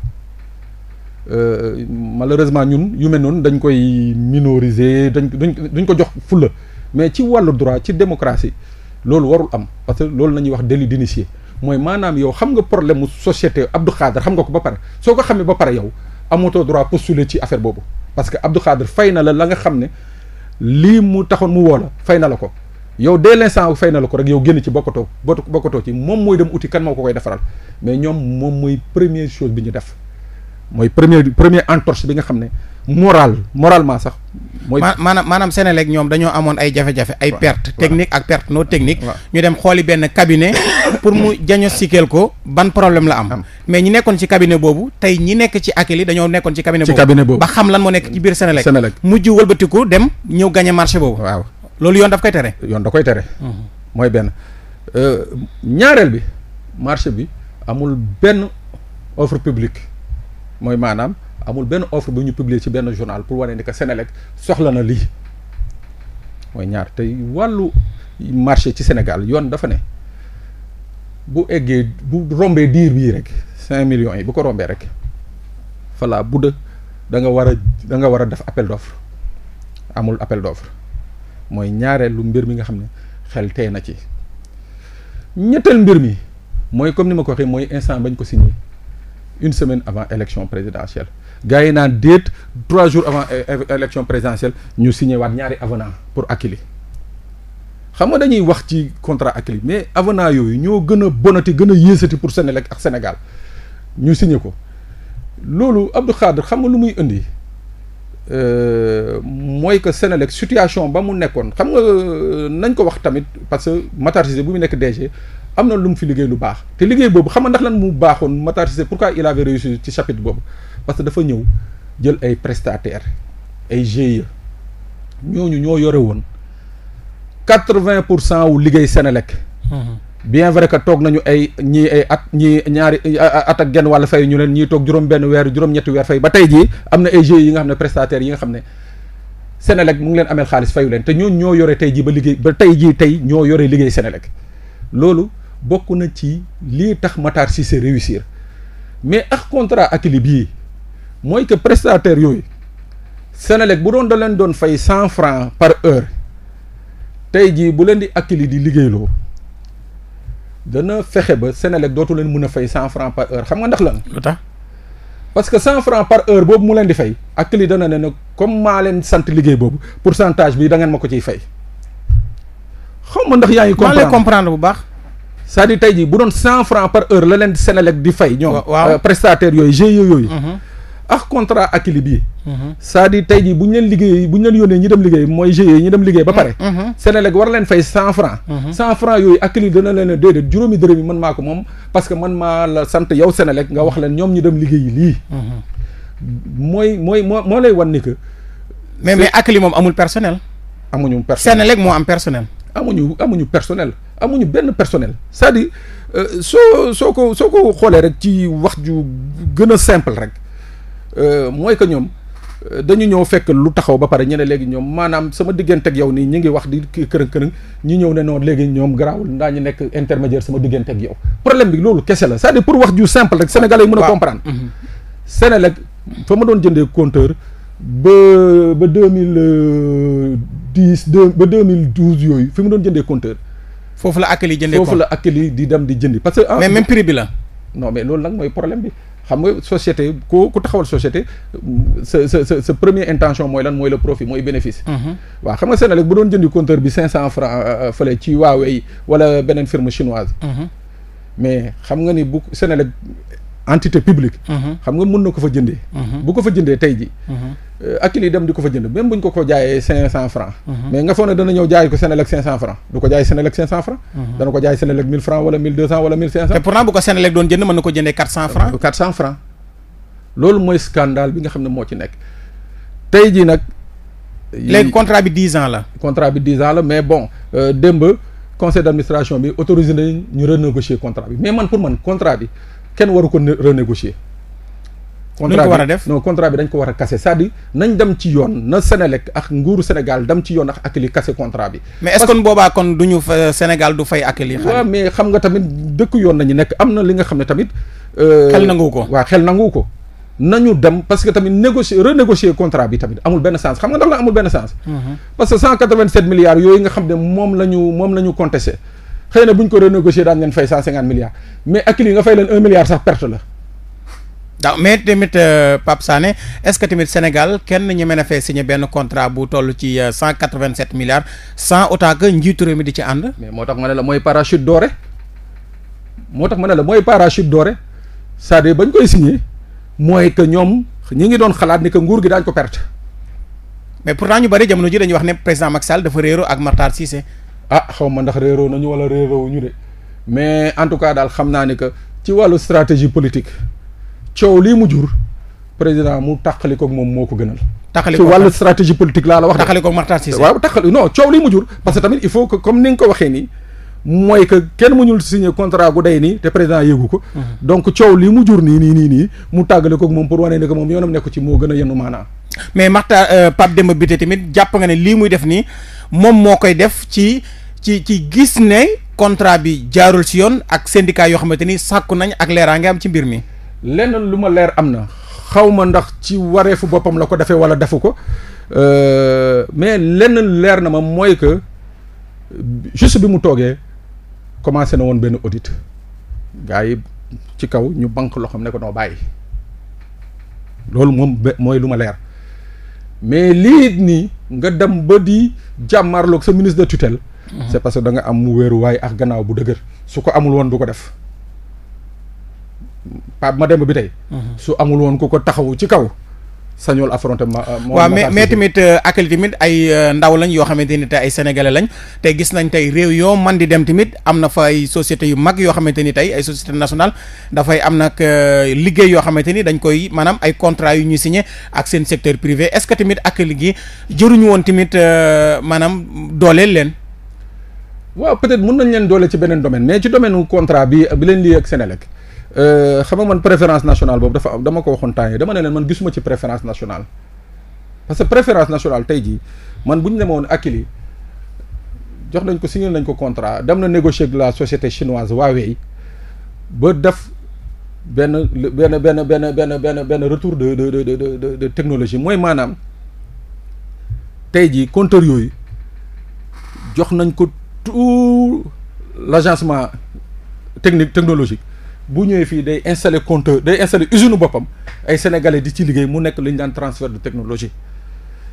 B: Euh, malheureusement ñun yu mel noonu dañ koy minoriser dañ duñ dañ ko jox fulla mais ci wàllu droit ci démocratie loolu warul am parce que loolu la ñuy wax délit d'initié mooy maanaam yow xam nga problème mu société Abdou Khadre xam nga ko ba pare soo ko xamee ba pare yow amatoo droit postuler ci affaire boobu parce que Abdou fay na la la nga xam ne lii mu taxoon mu woo la fay na la ko yow dès l'instant fay na la ko rek yow génn ci bokkatoo bokkatoo ci moom mooy dem uti kan moo ko koy defaral mais ñoom moom mooy première chose bi ñu def mooy premier premier entorse bi nga xam ne moral moralement sax. mooy
A: maanaam maanaam Senelec ñoom dañoo amoon ay jafe-jafe ay perte technique ak perte non technique ñu dem xooli benn cabinet pour mu jaño diagnostiquer ko ban problème la am mais ñi nekkoon ci cabinet boobu tey ñi nekk ci Akilee dañoo nekkoon ci cabinet boobu ba xam lan moo nekk ci biir Senelec mujj
B: wëlbatiku dem ñëw gagné marché boobu waaw loolu yoon daf koy tere yoon da koy tere mhm. mooy benn euh, ñaareel bi marché bi amul benn offre mooy maanaam amul benn offre bu ñu publier ci benn journal pour wane ni que senelek soxla na lii mooy ñaar tey wàllu marché ci Sénégal yoon dafa ne bu eggee bu rombee diir bii rek cinq millions yi bu ko rombee rek fala bu dë war danga war a def appel d'offre amul appel d'offre mooy ñaareelu mbir mi nga xam ne xel tey na ci ñetteel mbir mi mooy comme ni ma ko waxee mooy instant bañ ko signé une semaine avant élection présidentielle gars yi naan déet trois jours avant élection présidentielle ñu signé waat ñaari avenant pour Akilee xam nga dañuy wax ci contrat Akilee mais avenant yooyu ñoo gën a bonati gën a yéesati pour Sénélec ak Sénégal ñu signe ko loolu Abdou Khadre xam nga lu muy indi euh, mooy que Sénélec situation ba mu nekkoon xam nga euh, nañ ko wax tamit parce que Matar bu mu nekk DG am na lu mu fi liggéey lu baax te liggéey boobu xam nga ndax lan mu baaxoon Matar Cissé pourquoi il avait réussi ci chapitre boobu parce que dafa ñëw jël ay prestataires ay GIE ñooñu ñoo yore woon quatre vingt pour cent wu liggéey Sénélec mhm. bien vrai que toog nañu ay ñii ay at ñii ñaari at ak genn wàll fay ñu leen ñii toog juróom benn weer juróom-ñetti weer fay ba tey jii am na ay GIE yi nga xam ne prestataires yi nga xam ne Sénélec mu ngi leen ameel xaalis fayu leen te ñooñu ñoo yore tey jii ba liggéey ba tey jii tey ñoo yore liggéey Sénélec loolu bokk na ci lii tax si Cissé réussir mais ak contrat Akilee bii mooy que prestataire yooyu Senelec bu doon da leen doon fay cent francs par heure tey jii bu leen di Akilee di liggéeyloo dana fexe ba Senelec dootu leen mën a fay cent francs par heure xam nga ndax lan tax parce que cent francs par heure boobu mu leen di fay Akilee dana ne ne comme maa leen sant liggéey boobu pourcentage bi da ngeen ma ko ciy fay xam nga ndax yaa ngi comprendre bu baax saa à dire tey jii bu doon cent francs par heure la leen Sénélec di fay. ñoom euh, prestataires yooyu GIE yooyu. ak mhm. contrat Akilee bii. Mhm. c'est-à-dire tey jii bu ñu leen liggéey bu ñu leen yónnee ñi dem liggéey mooy GIE ñi dem liggéey ba mhm. pare. Sénélec war leen fay cent francs. cent francs yooyu a déedéet yi moom parce que man maa la sant yow Sénélec nga wax leen ñoom ñu dem liggéeyi lii. mooy mooy moo moo lay wan ni que. mais mais Akilee moom amul personnel. amuñu personnel Sénélec moo am personnel. amuñu amuñu personnel. amuñu benn personnel cest à euh, soo soo ko soo ko xoolee rek ci wax ju gën a simple rek euh, mooy que ñoom euh, dañu ñëw fekk lu taxaw ba pare ñu ne léegi ñoom maanaam sama diggante ak yow nii ñu ngi wax di kërën kërën ñi ñëw ne noonu léegi ñoom garaawul ndaa ñu nekk intermédiaire sama diggante ak yow problème bi loolu kese la cest à pour wax ju simple rek sénégalais yi mën a comprendre mhm. Sénélec fa ma doon jëndee compteur ba ba deux mille dix ba deux mille douze yooyu fi mu doon jëndee compteur foofu la akali jëndee foofu la akali di dem di jëndi parce que. mais même prix mais loolu nag mooy problème bi xam nga société ku ku taxawal société sa sa sa première intention mooy lan mooy le profit mooy bénéfice. Mhm. waaw xam nga Senelec bu doon jëndi compteur bi 500 francs euh, euh, fële ci Huawei wala beneen firme chinoise. Mhm. mais xam nga ni bu Senelec entité publique. Mhm. xam nga mën na ko fa jëndee. Mhm. bu ko fa jëndee tey ji mhm. euh, ak li dem di ko fa jënd même nga foog ne dana ñëw jaay ko Senelec cinq cent cinq cent mille francs wala mille deux cent wala mille cinq cent. te pourtant bu ko Senelec doon jënd mën na ko jëndee quatre cent francs quatre cent francs loolu mooy scandale bi nga xam ne moo ci nekk tey ji nag. léegi contrat bi dix ans la. contrat bi dix ans la mais bon euh, démb conseil d'administration bi autorisé nañ ñu renégocier bi. kenn waru ko renégocier. contrat bi war a def contrat bi dañ ko war a kase cest à nañ dem ci yoon na lekk ak nguuru Sénégal dem ci yoon ak li kase contrat bi.
A: mais est boobaa kon du ñu fa Sénégal du fay
B: Akilee. waaw mais xam nga tamit dëkk yoon nañu nekk am na li nga xam ne tamit. Euh, xel nangu ko waa xel nangu ko. nañu dem parce que tamit négocier renégocier contrat bi tamit amul benn sens xam nga ndax la amul benn sens. Mm-hmm. parce que 187 milliards yooyu nga xam ne moom la ñu moom la ñu contesté. xëy na bu ñu ko renégocier daan leen fay cent cinquante milliards mais ak lii nga fay leen un milliard sax perte la.
A: waaw mais tamit euh, Pape Sané est-ce que tamit Sénégal kenn ñu mën a fee signé benn contrat
B: bu toll ci euh, cent quatre-vingt-sept milliards sans autant que njiitu réew mi di ci ànd. mais moo tax ma ne la mooy parachute doré moo tax ma ne la mooy parachute doore c'est-à-dire bañ koy signé mooy que ñoom ñi ngi doon xalaat ni que nguur gi daañ ko perte. mais pourtant ñu bari ji dañuy wax ne président Macky Sall dafa réeroo ak Makhtar ah xaw ma ndax réeroo nañu wala réeroo ñu de mais en tout cas daal xam naa ni que ci wàllu stratégie politique coow lii mu jur président mu tàqali koog moom moo ko gënal. tàqali ci wàllu stratégie politique laa la wax. tàqali koog Makhtar Cissé waaw tàqali non coow lii mu jur. parce que tamit il faut que comme ni ko waxee nii mooy que kenn mhm. mu ñul signé contrat ko. donc moom pour wane ne que moom yoonam nekk ci moo gën a yenu maanaa. mais Makhtar euh, Pape Demba Bitèye
A: tamit jàpp nga ne lii muy def nii moom moo koy def ci. ci ci gis ne
B: contrat bi jaarul si yoon ak syndicat yoo xamante ni sàkku nañ ak leeraa ngi am ci mbir mi. lenn lu ma leer am na xaw ma ndax ci wareefu boppam la ko defee wala defu ko euh, mais lenn leer na ma mooy que juste bi mu toogee commencé na woon benn audit gars yi ci kaw ñu banque loo xam ne ko noo bàyyi loolu moom mooy lu ma leer mais lii nii nga dem ba di jàmmarloog sa ministre de tutelle. c'est parce que da nga am mu wéeruwaay ak gannaaw bu dëgër su ko amul woon du ko def Pape Mademba bi tey mhm. su amul woon ku ko taxawu ci kaw sañul affronter ma euh, waaw mais mais
A: tamit euh, ak tamit ay euh, ndaw lañ yoo xamante ni te ay sénégalais lañ te gis nañ tey réew yoo man di dem tamit am na fa ay sociétés yu mag yoo xamante ni tey ay société nationale dafay am nag liggéey yoo xamante ni dañ koy maanaam ay contrat yu ñu signé ak seen secteur privé est-ce que tamit ak gi jëruñu
B: woon tamit maanaam dooleel leen waaw peut-être mën nañ leen doole ci beneen domaine mais ci domaine wu contrat bi bi leen lii ak Sénélec euh, xam man préférence nationale boobu dafa dama ko waxoon temps yi dama ne leen man gisuma ci préférence nationale parce que préférence nationale tey jii man bu ñu demoon Akilee jox nañ ko signé nañ ko contrat dem na négocier ak la société chinoise Huawei ba def benn benn benn benn benn benn benn retour de de de de de technologie mooy maanaam tey jii compteur yooyu jox nañ ko. tout l'agencement technique technologique bu ñëwee fii day installer compteur day installer usine boppam ay sénégalais di ci liggéey mu nekk lu ñu daan transfert de technologie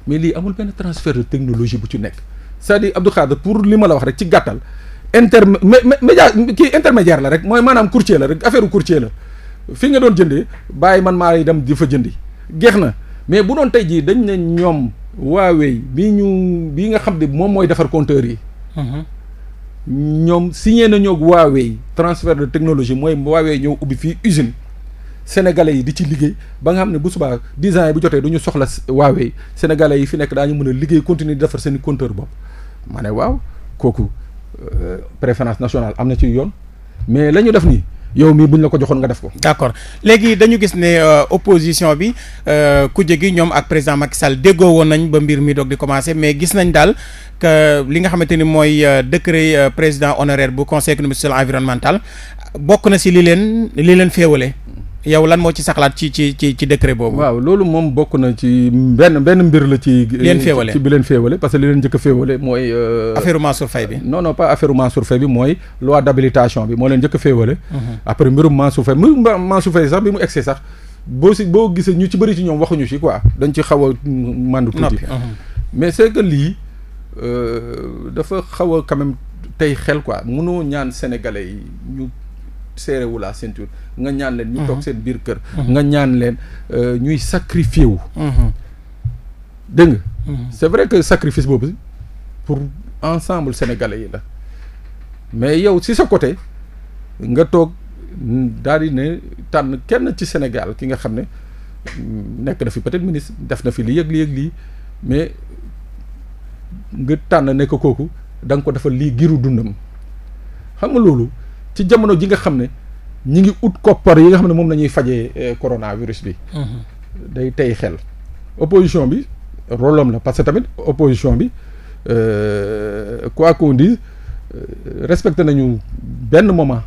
B: mais lii amul benn transfert de technologie bu ci nekk c'est-à-dire Abdou pour li ma la wax rek ci gàttal inter média kii intermédiaire la rek mooy maanaam courtier la rek affaire courtier la fi nga doon jëndee bàyyi man maa dem di fa jëndi geex na mais bu doon tey jii dañ ne ñoom Huawei bi ñu bi nga xam ne moom mooy defar compteur yi. Mm-hmm. ñoom signé nañoo ak Huawei transfert de technologie mooy Huawei ñëw ubbi fii usine sénégalais yi di ci liggéey ba nga xam ne bu subaa dix ans bu jotee du ñu soxla Huawei sénégalais yi fi nekk daa ñu mën a liggéey continuer di defar seen compteur bopp ma waaw kooku euh, préférence nationale am na ci yoon mais lañu def nii yow mii buñ la ko joxoon nga def ko. d' accord léegi dañu gis
A: ne euh, opposition bi euh, ku gi ñoom ak président Macky Sall déggoo woon nañ ba mbir mi doog di commencé mais gis nañ daal ak euh, li nga xamante ni mooy euh, décret euh, président honoraire bu conseil économique social environnemental bokk na si li leen li leen féewale yow lan moo ci saxlaat ci ci ci ci décret boobu. waaw
B: loolu moom bokk na ci benn benn mbir la ci. leen féewale ci bi leen féewale parce que li leen njëkk a féewale mooy. affaire Mansour Faye bi. non non pas bi mooy loi d'habilitation bi moo leen njëkk a féewale. Mhm. après mbirum Mansour Faye mbirum Mansour Faye sax bi mu egsee sax boo si boo gisee ñu ci bëri dañ ci xaw a màndu Euh, dafa xaw a quand tey xel quoi mënoo ñaan sénégalais yi ñu serré wu la ceinture nga ñaan leen. ñu mhm. toog seen biir kër. Mhm. nga ñaan leen euh, ñuy sacrifié wu. Mhm. dégg nga. c'est vrai que sacrifice boobu pour ensemble sénégalais yi la mais yow si sa côté nga toog daal di ne tànn kenn ci Sénégal ki nga xam ne mm, nekk na fi peut-être ministre def na fi li yëg li yëg lii mais. nga tànn nekk kooku da ko defal lii giru dundam xam nga loolu ci jamono ji nga xam ne ñi ngi ut koppar yi nga xam ne moom la ñuy fajee eh, coronavirus bi. Mhm. day tey xel. opposition bi rôle am la parce que tamit opposition bi euh, quoi qu'on dise euh, respecté nañu benn moment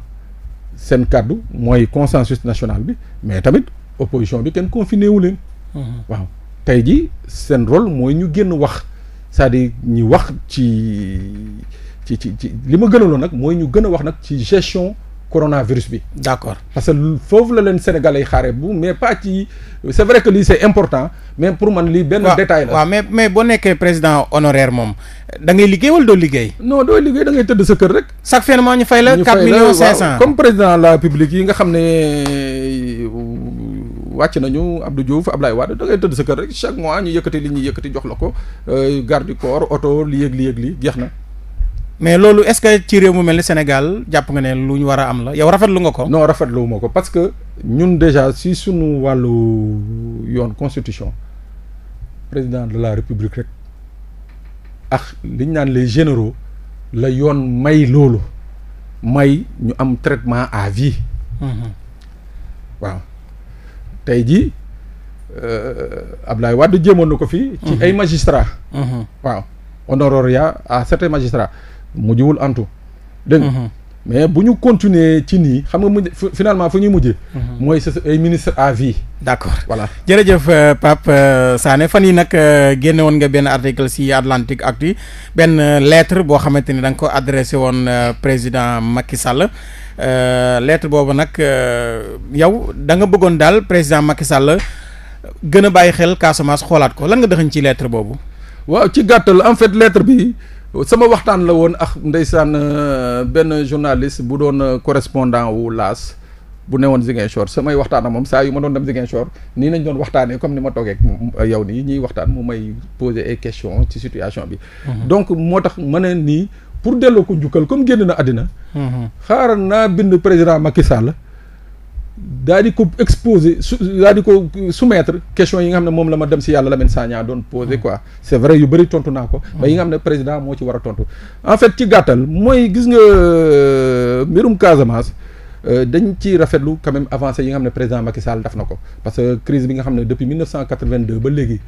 B: seen kàddu mooy consensus national bi mais tamit opposition bi kenn confiné wu leen. Mhm. waaw tey jii seen rôle mooy ñu génn wax. c'est-à-dire ñu wax ci ci ci ci li ma gënaloon nag mooy ñu gën a wax nag ci gestion coronavirus bi. d'accord parce que foofu la leen sénégalais yi xaaree bu mais pas ci c'est vrai que lii c'est important mais pour man lii benn détail la. waaw mais mais boo nekkee
A: président honoraire moom da ngay liggéey wala doo liggéey. no
B: doo liggéey da ngay tëdd sa kër rek. chaque fin de mois ñu fay la. ñu fay la 4 comme président la République yi nga xam ne. wàcc nañu Abdou Diouf Ablaye Wade da ngay tëdd sa kër rek chaque mois ñu yëkkati li ñuy yëkkati jox la ko euh, garde du corps oto li yëg li yëg li jeex na. mais loolu est-ce que ci réew mu mel ni Sénégal jàpp nga ne lu ñu war a am la yow rafetlu nga ko. non rafetlu ma ko parce que ñun déjà si sunu wàllu yoon constitution président de la république rek ak li ñu naan les généraux la yoon may loolu may ñu am traitement à vie. Mm-hmm. waaw. tey jii euh, Abdoulaye Wade jéemoon na ko fi ci mhm. ay magistrats. Mhm. waaw honoraria à certains magistrats mujjuwul antu dégg mais bu ñu continuer ci nii xam nga mujj finalement fu ñuy mujj. Mhm. mooy sa ay ministre à vie.
A: d' accord voilà
B: jërëjëf euh, Pape euh, Sané fan yi nag euh, génne woon nga benn article
A: si Atlantique Actu benn lettre boo xamante ni da nga ko adressé woon président Macky Sall lettre boobu nag yow da nga bëggoon daal président
B: Macky Sall gën a bàyyi xel Casamance xoolaat ko lan nga dëxañ ci lettre boobu. waaw ci gàttal en fait lettre bi. sama waxtaan la woon ax ndeysaan euh, benn journaliste bu doon euh, correspondant wu laas bu newoon Ziguinchor samay waxtaan a moom saa yu ma doon dem Ziguinchor nii nañ doon waxtaanee comme ni ma toogee ak yow nii ñuy waxtaan mu may poser ay question ci situation bi. Mhm. donc moo tax ma ne nii pour delloo ko njukkal comme génn na àddina. Mhm. xaaral naa bind président Macky Sall. daal di ko exposé su daal di su metre question yi nga xam ne moom la ma dem si yàlla la Lamine Sagna doon poser quoi c'est vrai yu bëri tontu naa ko mais yi nga xam ne président moo ci war a tontu en fait ci gàttal mooy gis nga euh, mbirum Casamance euh, dañ ci rafetlu quand même avancé yi nga xam ne président Macky Sall def na ko parce que crise bi nga xam ne depuis 1982 ba léegi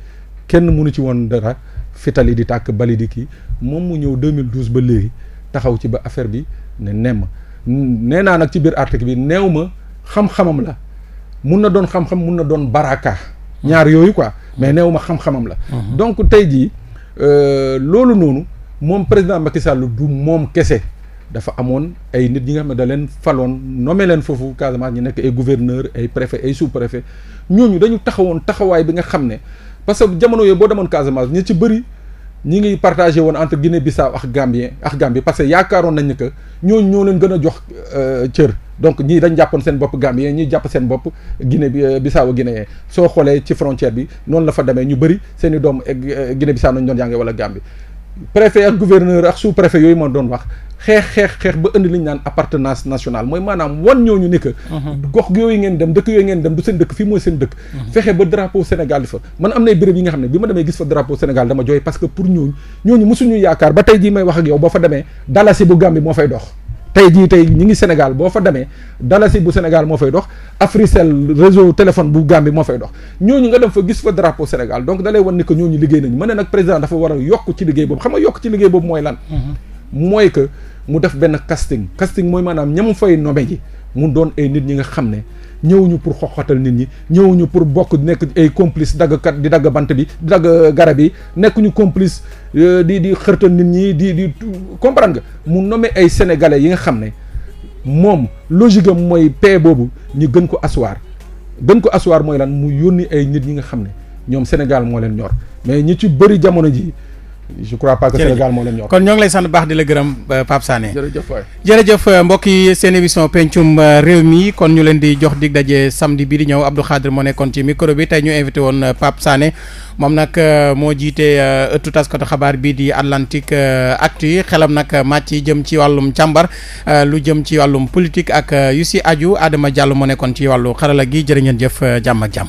B: kenn mënu ci woon dara fitali di tàkk bali di kii moom mu ñëw 2012 ba léegi taxaw ci ba affaire bi ne nemm nee naa nag ci biir article bi neew ma xam-xamam la mun na doon xam-xam mun na doon baraka ñaar yooyu quoi mais neew ma xam-xamam la mhm. donc tey jii euh, loolu noonu moom président Macky Sall du moom kese dafa amoon ay nit ñi nga xam ne da leen faloon nommé leen foofu Casamance ñu nekk ay gouverneur ay préfet ay sous préfet ñooñu dañu taxawoon taxawaay bi nga xam ne parce que jamono yooyu boo demoon Casamance ñi ci bëri ñi ngi partagé woon entre Guinée Bissau ak Gambie ak Gambie parce que yaakaaroon nañ ni que ñooñu ñoo leen gën a jox euh, cër donc ñii dañ jàppoon seen bopp Gambien ñii jàpp seen bopp Guinée euh, Bissau Guinée soo xoolee ci frontière bi noonu la fa demee ñu bëri seen i doom euh, Guinée Bissau nañ doon jàngee wala Gambie préfet ak gouverneur ak sous préfet yooyu ma doon wax xeex xeex xeex ba indi li naan appartenance nationale mooy maanaam wan ñooñu ni que. Mhm. gox yooyu ngeen dem dëkk yooyu ngeen dem du seen dëkk fii mooy seen dëkk. Mhm. fexe ba drapeau Sénégal di fa man am nay béréb yi nga xam ne bi ma demee gis fa drapeau Sénégal dama jooy parce boo fa demee dalasi bu Gambie moo dox. tey jii tey ñi ngi Sénégal ñooñu nga dem fa gis fa drapeau Sénégal donc dalay wan ni que ñooñu liggéey nañu ma ne nag président dafa war a yokk ci liggéey boobu xam nga yokk ci liggéey boobu mooy lan mhm. mooy que mu def benn casting casting mooy maanaam ña fay nobe ji mu doon ay nit ñi nga xam ne ñëwuñu pour xoxatal nit ñi ñëwuñu pour bokk nekk ay complice daggkat di dagg bant bi dagg garab yi nekkuñu complice euh, di di xërtal nit ñi di di comprendre nga mu nommé ay sénégalais yi nga xam ne moom logique am mooy paix boobu ñu gën ko assoir gën ko asseoir mooy lan mu yónni ay nit ñi nga xam ne ñoom Sénégal moo leen ñor mais ñi ci bëri jamono ji je crois pas que Sénégal moo leen ñor. kon
A: ñoo ngi lay sant baax di la gërëm euh, Pape Sané. jërëjëf waay jërëjëf euh, mbokk yi seen émission pencum euh, réew mi kon ñu leen di jox dig daje samedi bii di ñëw Abdou Khadre moo nekkoon ci micro bi tey ñu invité woon Pape Sané moom nag moo jiite ëttu taskatu xabaar bii di Atlantique Actu yi xelam nag màcc yi jëm ci wàllum càmbar lu jëm ci wàllum politique ak yu si aju Adama Diallo moo nekkoon ci wàllu xarala gi jër ngeen jëf jàmm ak jàmm.